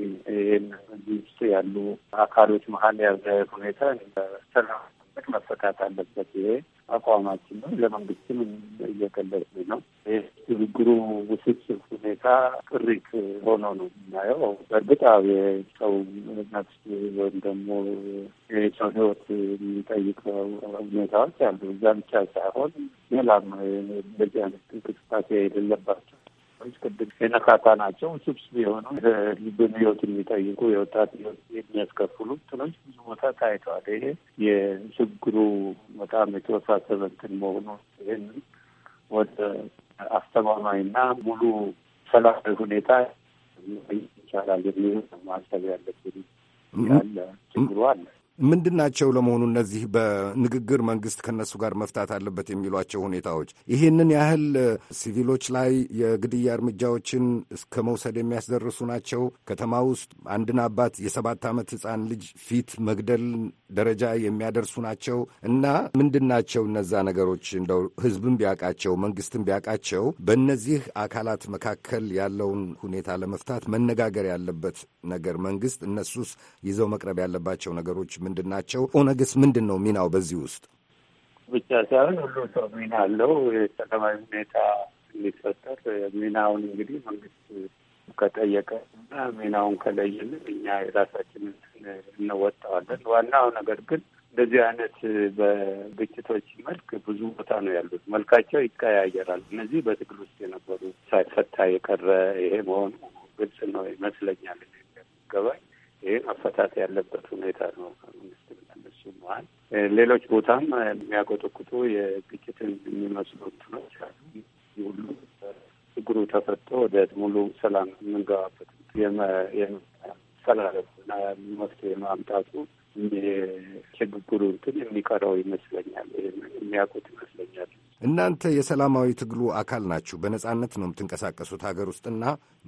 እዚህ ውስጥ ያሉ አካሎች መሀል ያለ ሁኔታ ስራ መፈታት አለበት። ይሄ አቋማችን ነው። ለመንግስትም እየገለጽ ነው። ንግግሩ ውስብስብ ሁኔታ ቅሪት ሆኖ ነው የምናየው። በእርግጥ የሰው ነፍስ ወይም ደግሞ የሰው ህይወት የሚጠይቀው ሁኔታዎች አሉ። እዛ ብቻ ሳይሆን ሌላም በዚህ አይነት እንቅስቃሴ የሌለባቸው ነገሮች ቅድም የነካካ ናቸው። ውስብስብ የሆኑ ህዝብን ህይወት የሚጠይቁ የወጣት ህይወት የሚያስከፍሉ ትኖች ብዙ ቦታ ታይተዋል። ይሄ የችግሩ በጣም የተወሳሰበ እንትን መሆኑ ይህን ወደ አስተማማኝና ሙሉ ሰላማዊ ሁኔታ ይቻላል የሚሆን ማሰብ ያለብን ያለ ችግሩ አለ። ምንድን ናቸው ለመሆኑ እነዚህ በንግግር መንግስት ከነሱ ጋር መፍታት አለበት የሚሏቸው ሁኔታዎች? ይህንን ያህል ሲቪሎች ላይ የግድያ እርምጃዎችን እስከ መውሰድ የሚያስደርሱ ናቸው። ከተማ ውስጥ አንድን አባት የሰባት ዓመት ህፃን ልጅ ፊት መግደል ደረጃ የሚያደርሱ ናቸው እና ምንድን ናቸው እነዛ ነገሮች? እንደው ህዝብም ቢያውቃቸው መንግስትም ቢያውቃቸው በእነዚህ አካላት መካከል ያለውን ሁኔታ ለመፍታት መነጋገር ያለበት ነገር መንግስት እነሱስ ይዘው መቅረብ ያለባቸው ነገሮች ምንድን ናቸው? ኦነግስ ምንድን ነው ሚናው በዚህ ውስጥ? ብቻ ሳይሆን ሁሉ ሰው ሚና አለው። የሰላማዊ ሁኔታ እንዲፈጠር ሚናውን እንግዲህ መንግስት ከጠየቀ እና ሚናውን ከለየልን እኛ የራሳችንን እንወጣዋለን። ዋናው ነገር ግን እንደዚህ አይነት በግጭቶች መልክ ብዙ ቦታ ነው ያሉት፣ መልካቸው ይቀያየራል። እነዚህ በትግል ውስጥ የነበሩ ሳይፈታ የቀረ ይሄ መሆኑ ግልጽ ነው ይመስለኛል ገባኝ ይህ መፈታት ያለበት ሁኔታ ነው። ከመንግስት ብትነሱ መዋል ሌሎች ቦታም የሚያቆጠቁጡ የግጭትን የሚመስሉ እንትኖች አሉ። ሁሉ ችግሩ ተፈቶ ወደ ሙሉ ሰላም የምንገባበት የመፈላለጉና መፍትሄ ማምጣቱ የሽግግሩ እንትን የሚቀረው ይመስለኛል። የሚያውቁት ይመስለኛል። እናንተ የሰላማዊ ትግሉ አካል ናችሁ። በነጻነት ነው የምትንቀሳቀሱት ሀገር ውስጥና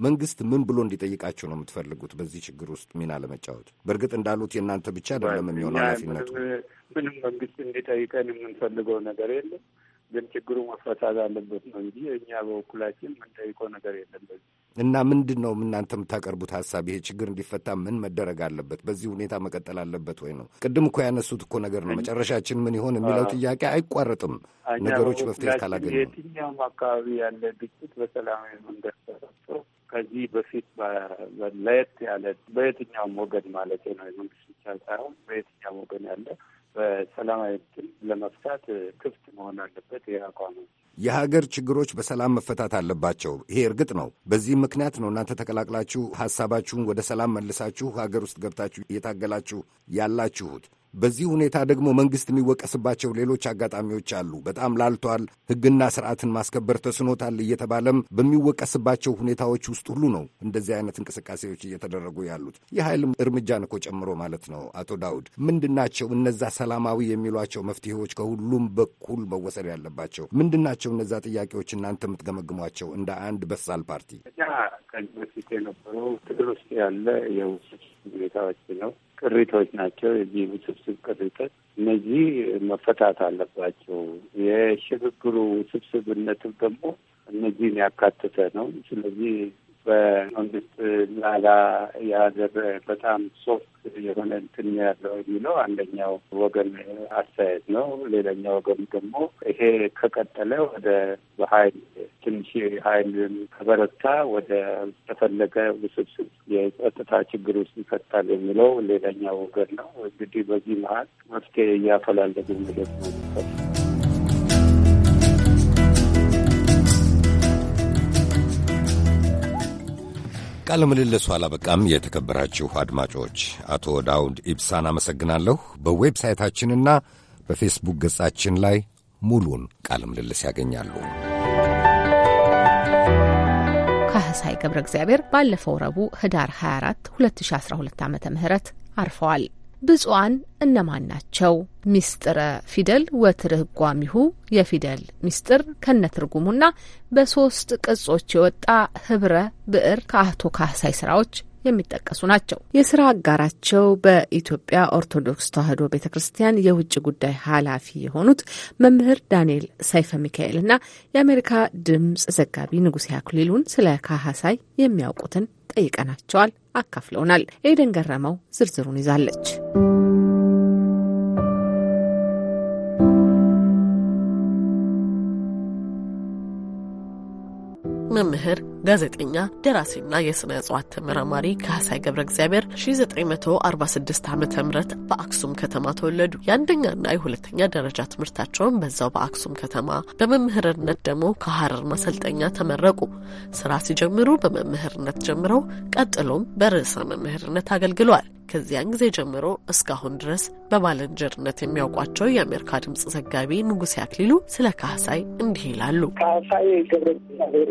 መንግስት ምን ብሎ እንዲጠይቃችሁ ነው የምትፈልጉት? በዚህ ችግር ውስጥ ሚና ለመጫወት በእርግጥ እንዳሉት የእናንተ ብቻ አይደለም የሚሆነው ኃላፊነቱ። ምንም መንግስት እንዲጠይቀን የምንፈልገው ነገር የለም። ግን ችግሩ መፈታት አለበት ነው እንጂ እኛ በበኩላችን የምንጠይቀው ነገር የለም። እና ምንድን ነው እናንተ የምታቀርቡት ሀሳብ? ይሄ ችግር እንዲፈታ ምን መደረግ አለበት? በዚህ ሁኔታ መቀጠል አለበት ወይ ነው? ቅድም እኮ ያነሱት እኮ ነገር ነው። መጨረሻችን ምን ይሆን የሚለው ጥያቄ አይቋረጥም። ነገሮች መፍትሄ ካላገኘ የትኛውም አካባቢ ያለ ግጭት በሰላማዊ መንገድ ተሰጥቶ ከዚህ በፊት ለየት ያለ በየትኛውም ወገን ማለት ነው የመንግስት ብቻ ሳይሆን በየትኛውም ወገን ያለ በሰላማዊ ድል ለመፍታት ክፍት መሆን አለበት። ይህ አቋም የሀገር ችግሮች በሰላም መፈታት አለባቸው። ይሄ እርግጥ ነው። በዚህም ምክንያት ነው እናንተ ተቀላቅላችሁ ሀሳባችሁን ወደ ሰላም መልሳችሁ ሀገር ውስጥ ገብታችሁ እየታገላችሁ ያላችሁት። በዚህ ሁኔታ ደግሞ መንግስት የሚወቀስባቸው ሌሎች አጋጣሚዎች አሉ። በጣም ላልቷል፣ ህግና ስርዓትን ማስከበር ተስኖታል እየተባለም በሚወቀስባቸው ሁኔታዎች ውስጥ ሁሉ ነው እንደዚህ አይነት እንቅስቃሴዎች እየተደረጉ ያሉት። የኃይል እርምጃን እኮ ጨምሮ ማለት ነው። አቶ ዳውድ ምንድናቸው? እነዛ ሰላማዊ የሚሏቸው መፍትሄዎች ከሁሉም በኩል መወሰድ ያለባቸው ምንድናቸው እነዛ ጥያቄዎች እናንተ የምትገመግሟቸው እንደ አንድ በሳል ፓርቲ ከዚህ በፊት የነበረው ትግል ውስጥ ያለ የውስጥ ሁኔታዎች ነው ቅሪቶች ናቸው። የዚህ ውስብስብ ቅሪቶች እነዚህ መፈታት አለባቸው። የሽግግሩ ውስብስብነትም ደግሞ እነዚህን ያካተተ ነው። ስለዚህ በመንግስት ላላ የሀገር በጣም ሶፍት የሆነ እንትን ያለው የሚለው አንደኛው ወገን አስተያየት ነው። ሌላኛው ወገን ደግሞ ይሄ ከቀጠለ ወደ በሀይል ትንሽ ሀይል ከበረታ ወደ ተፈለገ ውስብስብ የጸጥታ ችግር ውስጥ ይፈታል የሚለው ሌላኛው ወገን ነው። እንግዲህ በዚህ መሀል መፍትሄ እያፈላለጉ መሄድ ነው። ቃለ ምልልሱ አላበቃም። የተከበራችሁ አድማጮች፣ አቶ ዳውድ ኢብሳን አመሰግናለሁ። በዌብሳይታችንና በፌስቡክ ገጻችን ላይ ሙሉን ቃለ ምልልስ ያገኛሉ። ካህሳይ ገብረ እግዚአብሔር ባለፈው ረቡዕ ህዳር 24 2012 ዓ ም አርፈዋል። ብፁዓን እነማን ናቸው? ሚስጥረ ፊደል ወትርጓሚሁ የፊደል ሚስጥር ከነትርጉሙና በሶስት ቅጾች የወጣ ህብረ ብዕር ከአቶ ካህሳይ ስራዎች የሚጠቀሱ ናቸው። የስራ አጋራቸው በኢትዮጵያ ኦርቶዶክስ ተዋሕዶ ቤተ ክርስቲያን የውጭ ጉዳይ ኃላፊ የሆኑት መምህር ዳንኤል ሰይፈ ሚካኤልና የአሜሪካ ድምጽ ዘጋቢ ንጉሴ አክሊሉን ስለ ካህሳይ የሚያውቁትን ጠይቀናቸዋል። አካፍለውናል። ኤደን ገረመው ዝርዝሩን ይዛለች። መምህር ጋዜጠኛ፣ ደራሲና የሥነ እጽዋት ተመራማሪ ካህሳይ ገብረ እግዚአብሔር 1946 ዓ ም በአክሱም ከተማ ተወለዱ። የአንደኛና የሁለተኛ ደረጃ ትምህርታቸውን በዛው በአክሱም ከተማ፣ በመምህርነት ደግሞ ከሐረር ማሰልጠኛ ተመረቁ። ስራ ሲጀምሩ በመምህርነት ጀምረው ቀጥሎም በርዕሰ መምህርነት አገልግለዋል። ከዚያን ጊዜ ጀምሮ እስካሁን ድረስ በባለንጀርነት የሚያውቋቸው የአሜሪካ ድምፅ ዘጋቢ ንጉሴ አክሊሉ ስለ ካህሳይ እንዲህ ይላሉ። ካህሳይ ገብረ እግዚአብሔር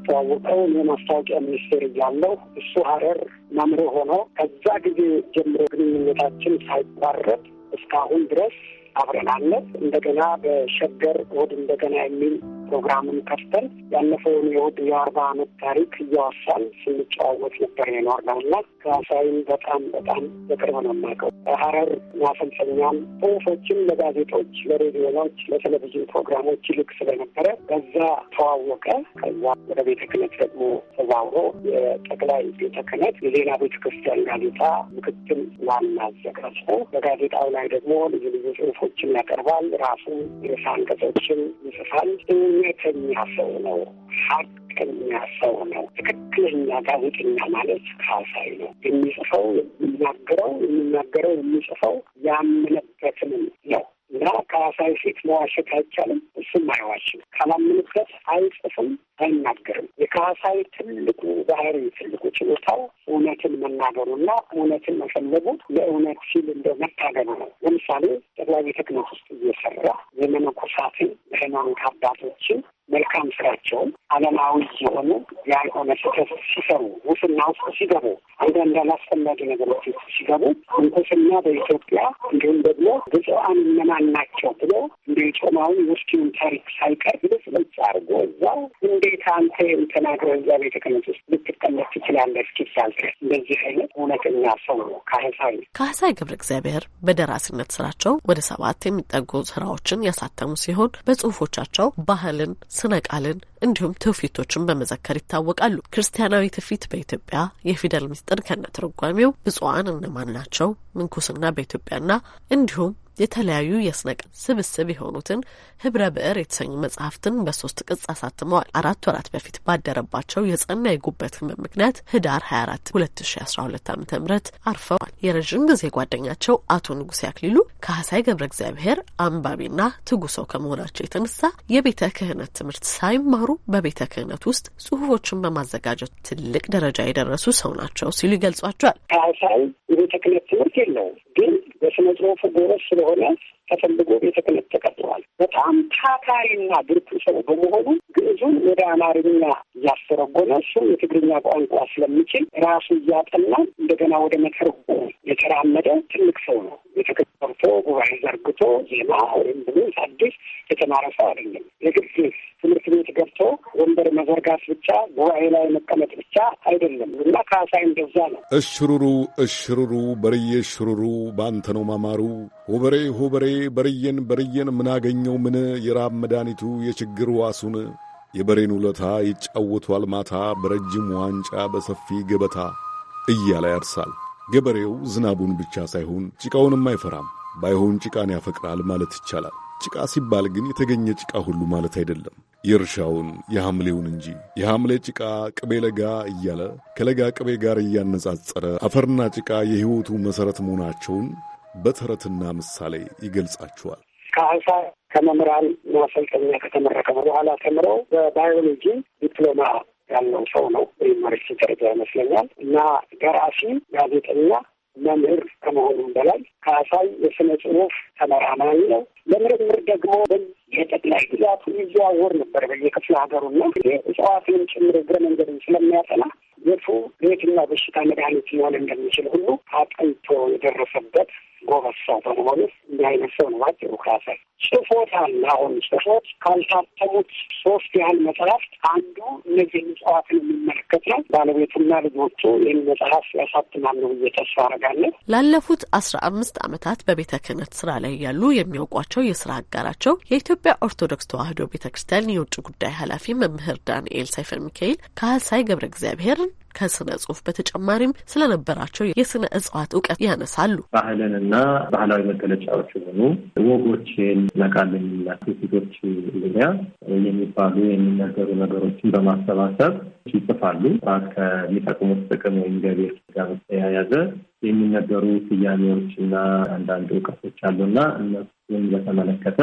የምንተዋወቀው የማስታወቂያ ሚኒስቴር እያለሁ እሱ ሀረር መምሮ ሆኖ ከዛ ጊዜ ጀምሮ ግንኙነታችን ሳይቋረጥ እስካሁን ድረስ አብረናለት እንደገና በሸገር ወድ እንደገና የሚል ፕሮግራምን ከፍተን ያለፈውን የውድ የአርባ አመት ታሪክ እያወሳን ስንጨዋወት ነበር የኖርነው እና ከሳይን በጣም በጣም በቅርብ ነው የማውቀው። ሀረር ማሰልጠኛም ጽሁፎችን ለጋዜጦች፣ ለሬዲዮኖች፣ ለቴሌቪዥን ፕሮግራሞች ይልክ ስለነበረ በዛ ተዋወቀ። ከዛ ወደ ቤተ ክህነት ደግሞ ተዛውሮ የጠቅላይ ቤተ ክህነት የዜና ቤተ ክርስቲያን ጋዜጣ ምክትል ዋና አዘጋጅ ነው። በጋዜጣው ላይ ደግሞ ልዩ ልዩ ጽሁፎችን ያቀርባል። ራሱ ርዕሰ አንቀጾችን ይጽፋል። እውነተኛ ሰው ነው፣ ሀቀኛ ሰው ነው፣ ትክክለኛ ጋዜጠኛ ማለት ካሳይ ነው። የሚጽፈው የሚናገረው የሚናገረው የሚጽፈው ያምነበትንም ነው። እና ከራሳዊ ፊት መዋሸት አይቻልም። እሱም አይዋሽም። ካላምንበት አይጽፍም፣ አይናገርም። የካሳዊ ትልቁ ባህሪ ትልቁ ችሎታው እውነትን መናገሩና እውነትን መፈለጉ ለእውነት ሲል እንደ መታገሉ ነው። ለምሳሌ ጠቅላይ ቤተ ክህነት ውስጥ እየሰራ የመነኮሳትን የሃይማኖት አባቶችን መልካም ስራቸውን አለማዊ የሆኑ ያልሆነ ስህተት ሲሰሩ፣ ሙስና ውስጥ ሲገቡ፣ አንዳንድ አላስፈላጊ ነገሮች ውስጥ ሲገቡ ምንኩስና በኢትዮጵያ እንዲሁም ደግሞ ብፁዓን እነማን ናቸው ብሎ እንደ ጮማዊ ውስኪውን ታሪክ ሳይቀር ልጽልጽ አድርጎ እዛ እንዴት አንተ የምተናገረ እዛ ቤተ ክህነት ውስጥ ልትቀመጥ ትችላለህ እስኪ ድረስ እንደዚህ አይነት እውነተኛ ሰው ነው ካህሳይ። ካህሳይ ገብረ እግዚአብሔር በደራሲነት ስራቸው ወደ ሰባት የሚጠጉ ስራዎችን ያሳተሙ ሲሆን በጽሁፎቻቸው ባህልን ስነ ቃልን እንዲሁም ትውፊቶችን በመዘከር ይታወቃሉ። ክርስቲያናዊ ትውፊት በኢትዮጵያ የፊደል ምስጢር ከነ ትርጓሜው፣ ብፁዓን እነማን ናቸው፣ ምንኩስና በኢትዮጵያና እንዲሁም የተለያዩ የስነ ስብስብ የሆኑትን ህብረ ብዕር የተሰኙ መጽሐፍትን በሶስት ቅጽ አሳትመዋል። አራት ወራት በፊት ባደረባቸው የጸና የጉበት ህመም ምክንያት ህዳር 242012 አራት ሁለት አርፈዋል። የረዥም ጊዜ ጓደኛቸው አቶ ንጉሴ አክሊሉ ከሀሳይ ገብረ እግዚአብሔር አንባቢና ትጉ ሰው ከመሆናቸው የተነሳ የቤተ ክህነት ትምህርት ሳይማሩ ሲኖሩ በቤተ ክህነት ውስጥ ጽሁፎችን በማዘጋጀት ትልቅ ደረጃ የደረሱ ሰው ናቸው ሲሉ ይገልጿቸዋል። ሐዋሳዊ የቤተ ክህነት ትምህርት የለውም፣ ግን በስነ ጽሁፉ ጎረስ ስለሆነ ተፈልጎ ቤተክህነት ተቀጥሯል። በጣም ታታሪና ብርቱ ሰው በመሆኑ ግዕዙን ወደ አማርኛ እያስተረጎመ እሱም የትግርኛ ቋንቋ ስለሚችል ራሱ እያጠና እንደገና ወደ መተርጎም የተራመደ ትልቅ ሰው ነው። ቤተክርቶ ጉባኤ ዘርግቶ ዜማ ወይም ብሎ አዲስ የተማረ ሰው አይደለም። የግድ ትምህርት ቤት ገብቶ ወንበር መዘርጋት ብቻ ጉባኤ ላይ መቀመጥ ብቻ አይደለም እና ካሳይ እንደዛ ነው። እሽሩሩ እሽሩሩ በርዬ ሽሩሩ በአንተ ነው ማማሩ ሆበሬ ሆበሬ በርየን በርየን ምናገኘው ምን የራብ መድኃኒቱ የችግር ዋሱን የበሬን ውለታ ይጫወቷል ማታ በረጅም ዋንጫ በሰፊ ገበታ እያለ ያርሳል። ገበሬው ዝናቡን ብቻ ሳይሆን ጭቃውንም አይፈራም። ባይሆን ጭቃን ያፈቅራል ማለት ይቻላል። ጭቃ ሲባል ግን የተገኘ ጭቃ ሁሉ ማለት አይደለም። የእርሻውን የሐምሌውን እንጂ የሐምሌ ጭቃ ቅቤ ለጋ እያለ ከለጋ ቅቤ ጋር እያነጻጸረ አፈርና ጭቃ የሕይወቱ መሠረት መሆናቸውን በተረትና ምሳሌ ይገልጻቸዋል። ከአንሳ ከመምህራን ማሰልጠኛ ከተመረቀ በኋላ ተምረው በባዮሎጂ ዲፕሎማ ያለው ሰው ነው። በዩኒቨርሲቲ ደረጃ ይመስለኛል እና ደራሲ፣ ጋዜጠኛ፣ መምህር ከመሆኑም በላይ ከአሳይ የስነ ጽሁፍ ተመራማሪ ነው። ለምርምር ደግሞ የጠቅላይ ግዛቱ ይዘዋወር ነበር በየክፍለ ሀገሩና እጽዋትን ጭምር እግረ መንገድን ስለሚያጠና የቱ ለየትኛው በሽታ መድኃኒት ሊሆን እንደሚችል ሁሉ አጠንቶ የደረሰበት ጎበዝ ሰው በመሆኑ እንዲህ አይነት ሰው ነው አጭሩ ካሳይ ጽፎታል። አሁን ጽፎት ካልታተሙት ሶስት ያህል መጽሐፍት አንዱ እነዚህ ምጽዋትን የሚመለከት ነው። ባለቤቱና ልጆቹ ይህን መጽሐፍ ያሳትማሉ ብዬ ተስፋ አረጋለን። ላለፉት አስራ አምስት አመታት በቤተ ክህነት ስራ ላይ ያሉ የሚያውቋቸው የስራ አጋራቸው የኢትዮጵያ ኦርቶዶክስ ተዋህዶ ቤተ ክርስቲያን የውጭ ጉዳይ ኃላፊ መምህር ዳንኤል ሳይፈር ሚካኤል ካህሳይ ገብረ እግዚአብሔርን ከስነ ጽሁፍ በተጨማሪም ስለነበራቸው የስነ እጽዋት እውቀት ያነሳሉ። ባህልንና ባህላዊ መገለጫዎች የሆኑ ወጎችን እናቃለን የሚላቸው ሴቶች ዙሪያ የሚባሉ የሚነገሩ ነገሮችን በማሰባሰብ ይጽፋሉ። ራት ከሚጠቅሙት ጥቅም ወይም ገቢር ጋር በተያያዘ የሚነገሩ ስያሜዎች እና አንዳንድ እውቀቶች አሉና እነሱን በተመለከተ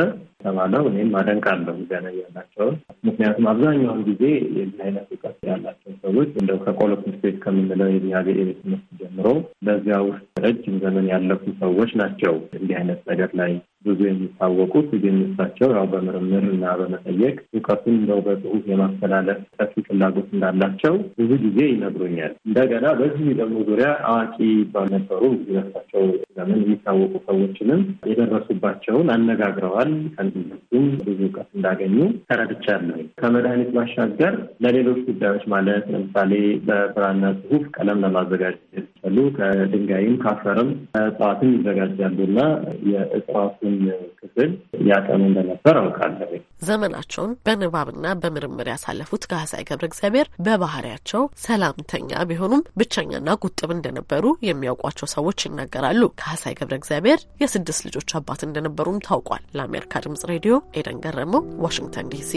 ተባለው እኔም አደንቃለሁ ገና ያላቸውን። ምክንያቱም አብዛኛውን ጊዜ የዚህ አይነት እውቀት ያላቸው ሰዎች እንደው ከቆሎ ትምህርት ቤት ከምንለው የብሔር ብሔር ትምህርት ጀምሮ በዚያ ውስጥ ረጅም ዘመን ያለፉ ሰዎች ናቸው እንዲህ አይነት ነገር ላይ ብዙ የሚታወቁት ዜጎች ያው በምርምር እና በመጠየቅ እውቀቱን ነው በጽሁፍ የማስተላለፍ ሰፊ ፍላጎት እንዳላቸው ብዙ ጊዜ ይነግሩኛል። እንደገና በዚህ ደግሞ ዙሪያ አዋቂ ባልነበሩ ጊዜታቸው ዘመን የሚታወቁ ሰዎችንም የደረሱባቸውን አነጋግረዋል። ከእነሱም ብዙ እውቀት እንዳገኙ ተረድቻለሁ። ከመድኃኒት ባሻገር ለሌሎች ጉዳዮች ማለት ለምሳሌ በብራና ጽሁፍ ቀለም ለማዘጋጀት ይችላሉ። ከድንጋይም ከአፈርም እጽዋትም ይዘጋጃሉ እና የእጽዋቱ የትምህርቱን ክፍል ያጠኑ እንደነበር አውቃለሁ። ዘመናቸውን በንባብና በምርምር ያሳለፉት ጋሳይ ገብረ እግዚአብሔር በባህሪያቸው ሰላምተኛ ቢሆኑም ብቸኛና ቁጥብ እንደነበሩ የሚያውቋቸው ሰዎች ይናገራሉ። ጋሳይ ገብረ እግዚአብሔር የስድስት ልጆች አባት እንደነበሩም ታውቋል። ለአሜሪካ ድምጽ ሬዲዮ ኤደን ገረመው፣ ዋሽንግተን ዲሲ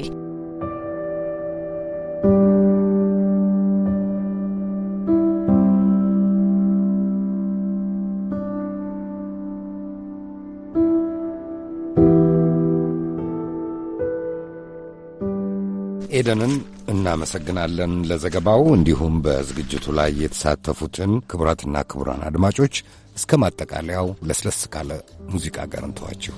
ኤደንን እናመሰግናለን ለዘገባው። እንዲሁም በዝግጅቱ ላይ የተሳተፉትን ክቡራትና ክቡራን አድማጮች እስከ ማጠቃለያው ለስለስ ካለ ሙዚቃ ጋር እንተዋችሁ።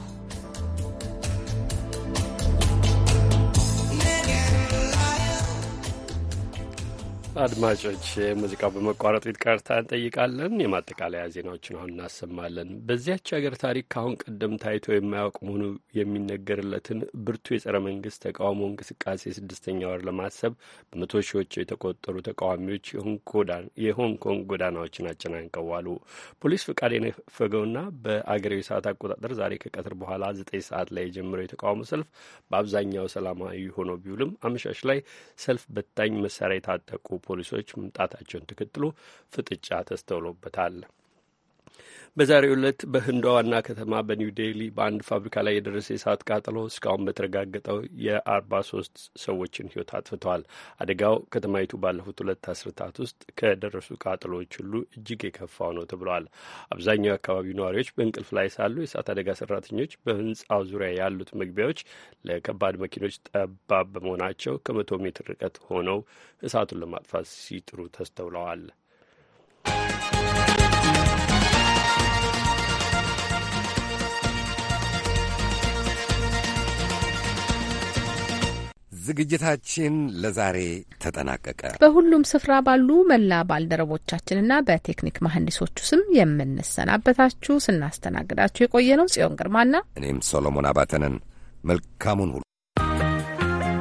አድማጮች ሙዚቃው በመቋረጡ ይቅርታ እንጠይቃለን። የማጠቃለያ ዜናዎችን አሁን እናሰማለን። በዚያች ሀገር ታሪክ ከአሁን ቀደም ታይቶ የማያውቅ መሆኑ የሚነገርለትን ብርቱ የጸረ መንግስት ተቃውሞ እንቅስቃሴ ስድስተኛ ወር ለማሰብ በመቶ ሺዎች የተቆጠሩ ተቃዋሚዎች የሆንግ ኮንግ ጎዳናዎችን አጨናንቀዋሉ። ፖሊስ ፈቃድ የነፈገውና በአገሬው ሰዓት አቆጣጠር ዛሬ ከቀትር በኋላ ዘጠኝ ሰዓት ላይ የጀመረው የተቃውሞ ሰልፍ በአብዛኛው ሰላማዊ ሆኖ ቢውልም አመሻሽ ላይ ሰልፍ በታኝ መሳሪያ የታጠቁ ፖሊሶች መምጣታቸውን ተከትሎ ፍጥጫ ተስተውሎበታል። በዛሬው ዕለት በህንዷ ዋና ከተማ በኒው ዴሊ በአንድ ፋብሪካ ላይ የደረሰ የእሳት ቃጠሎ እስካሁን በተረጋገጠው የአርባ ሶስት ሰዎችን ህይወት አጥፍተዋል። አደጋው ከተማይቱ ባለፉት ሁለት አስርታት ውስጥ ከደረሱ ቃጠሎዎች ሁሉ እጅግ የከፋው ነው ተብለዋል። አብዛኛው የአካባቢው ነዋሪዎች በእንቅልፍ ላይ ሳሉ የእሳት አደጋ ሰራተኞች በህንፃው ዙሪያ ያሉት መግቢያዎች ለከባድ መኪኖች ጠባብ በመሆናቸው ከመቶ ሜትር ርቀት ሆነው እሳቱን ለማጥፋት ሲጥሩ ተስተውለዋል። ዝግጅታችን ለዛሬ ተጠናቀቀ። በሁሉም ስፍራ ባሉ መላ ባልደረቦቻችንና በቴክኒክ መሐንዲሶቹ ስም የምንሰናበታችሁ ስናስተናግዳችሁ የቆየ ነው ጽዮን ግርማና እኔም ሶሎሞን አባተንን መልካሙን ሁሉ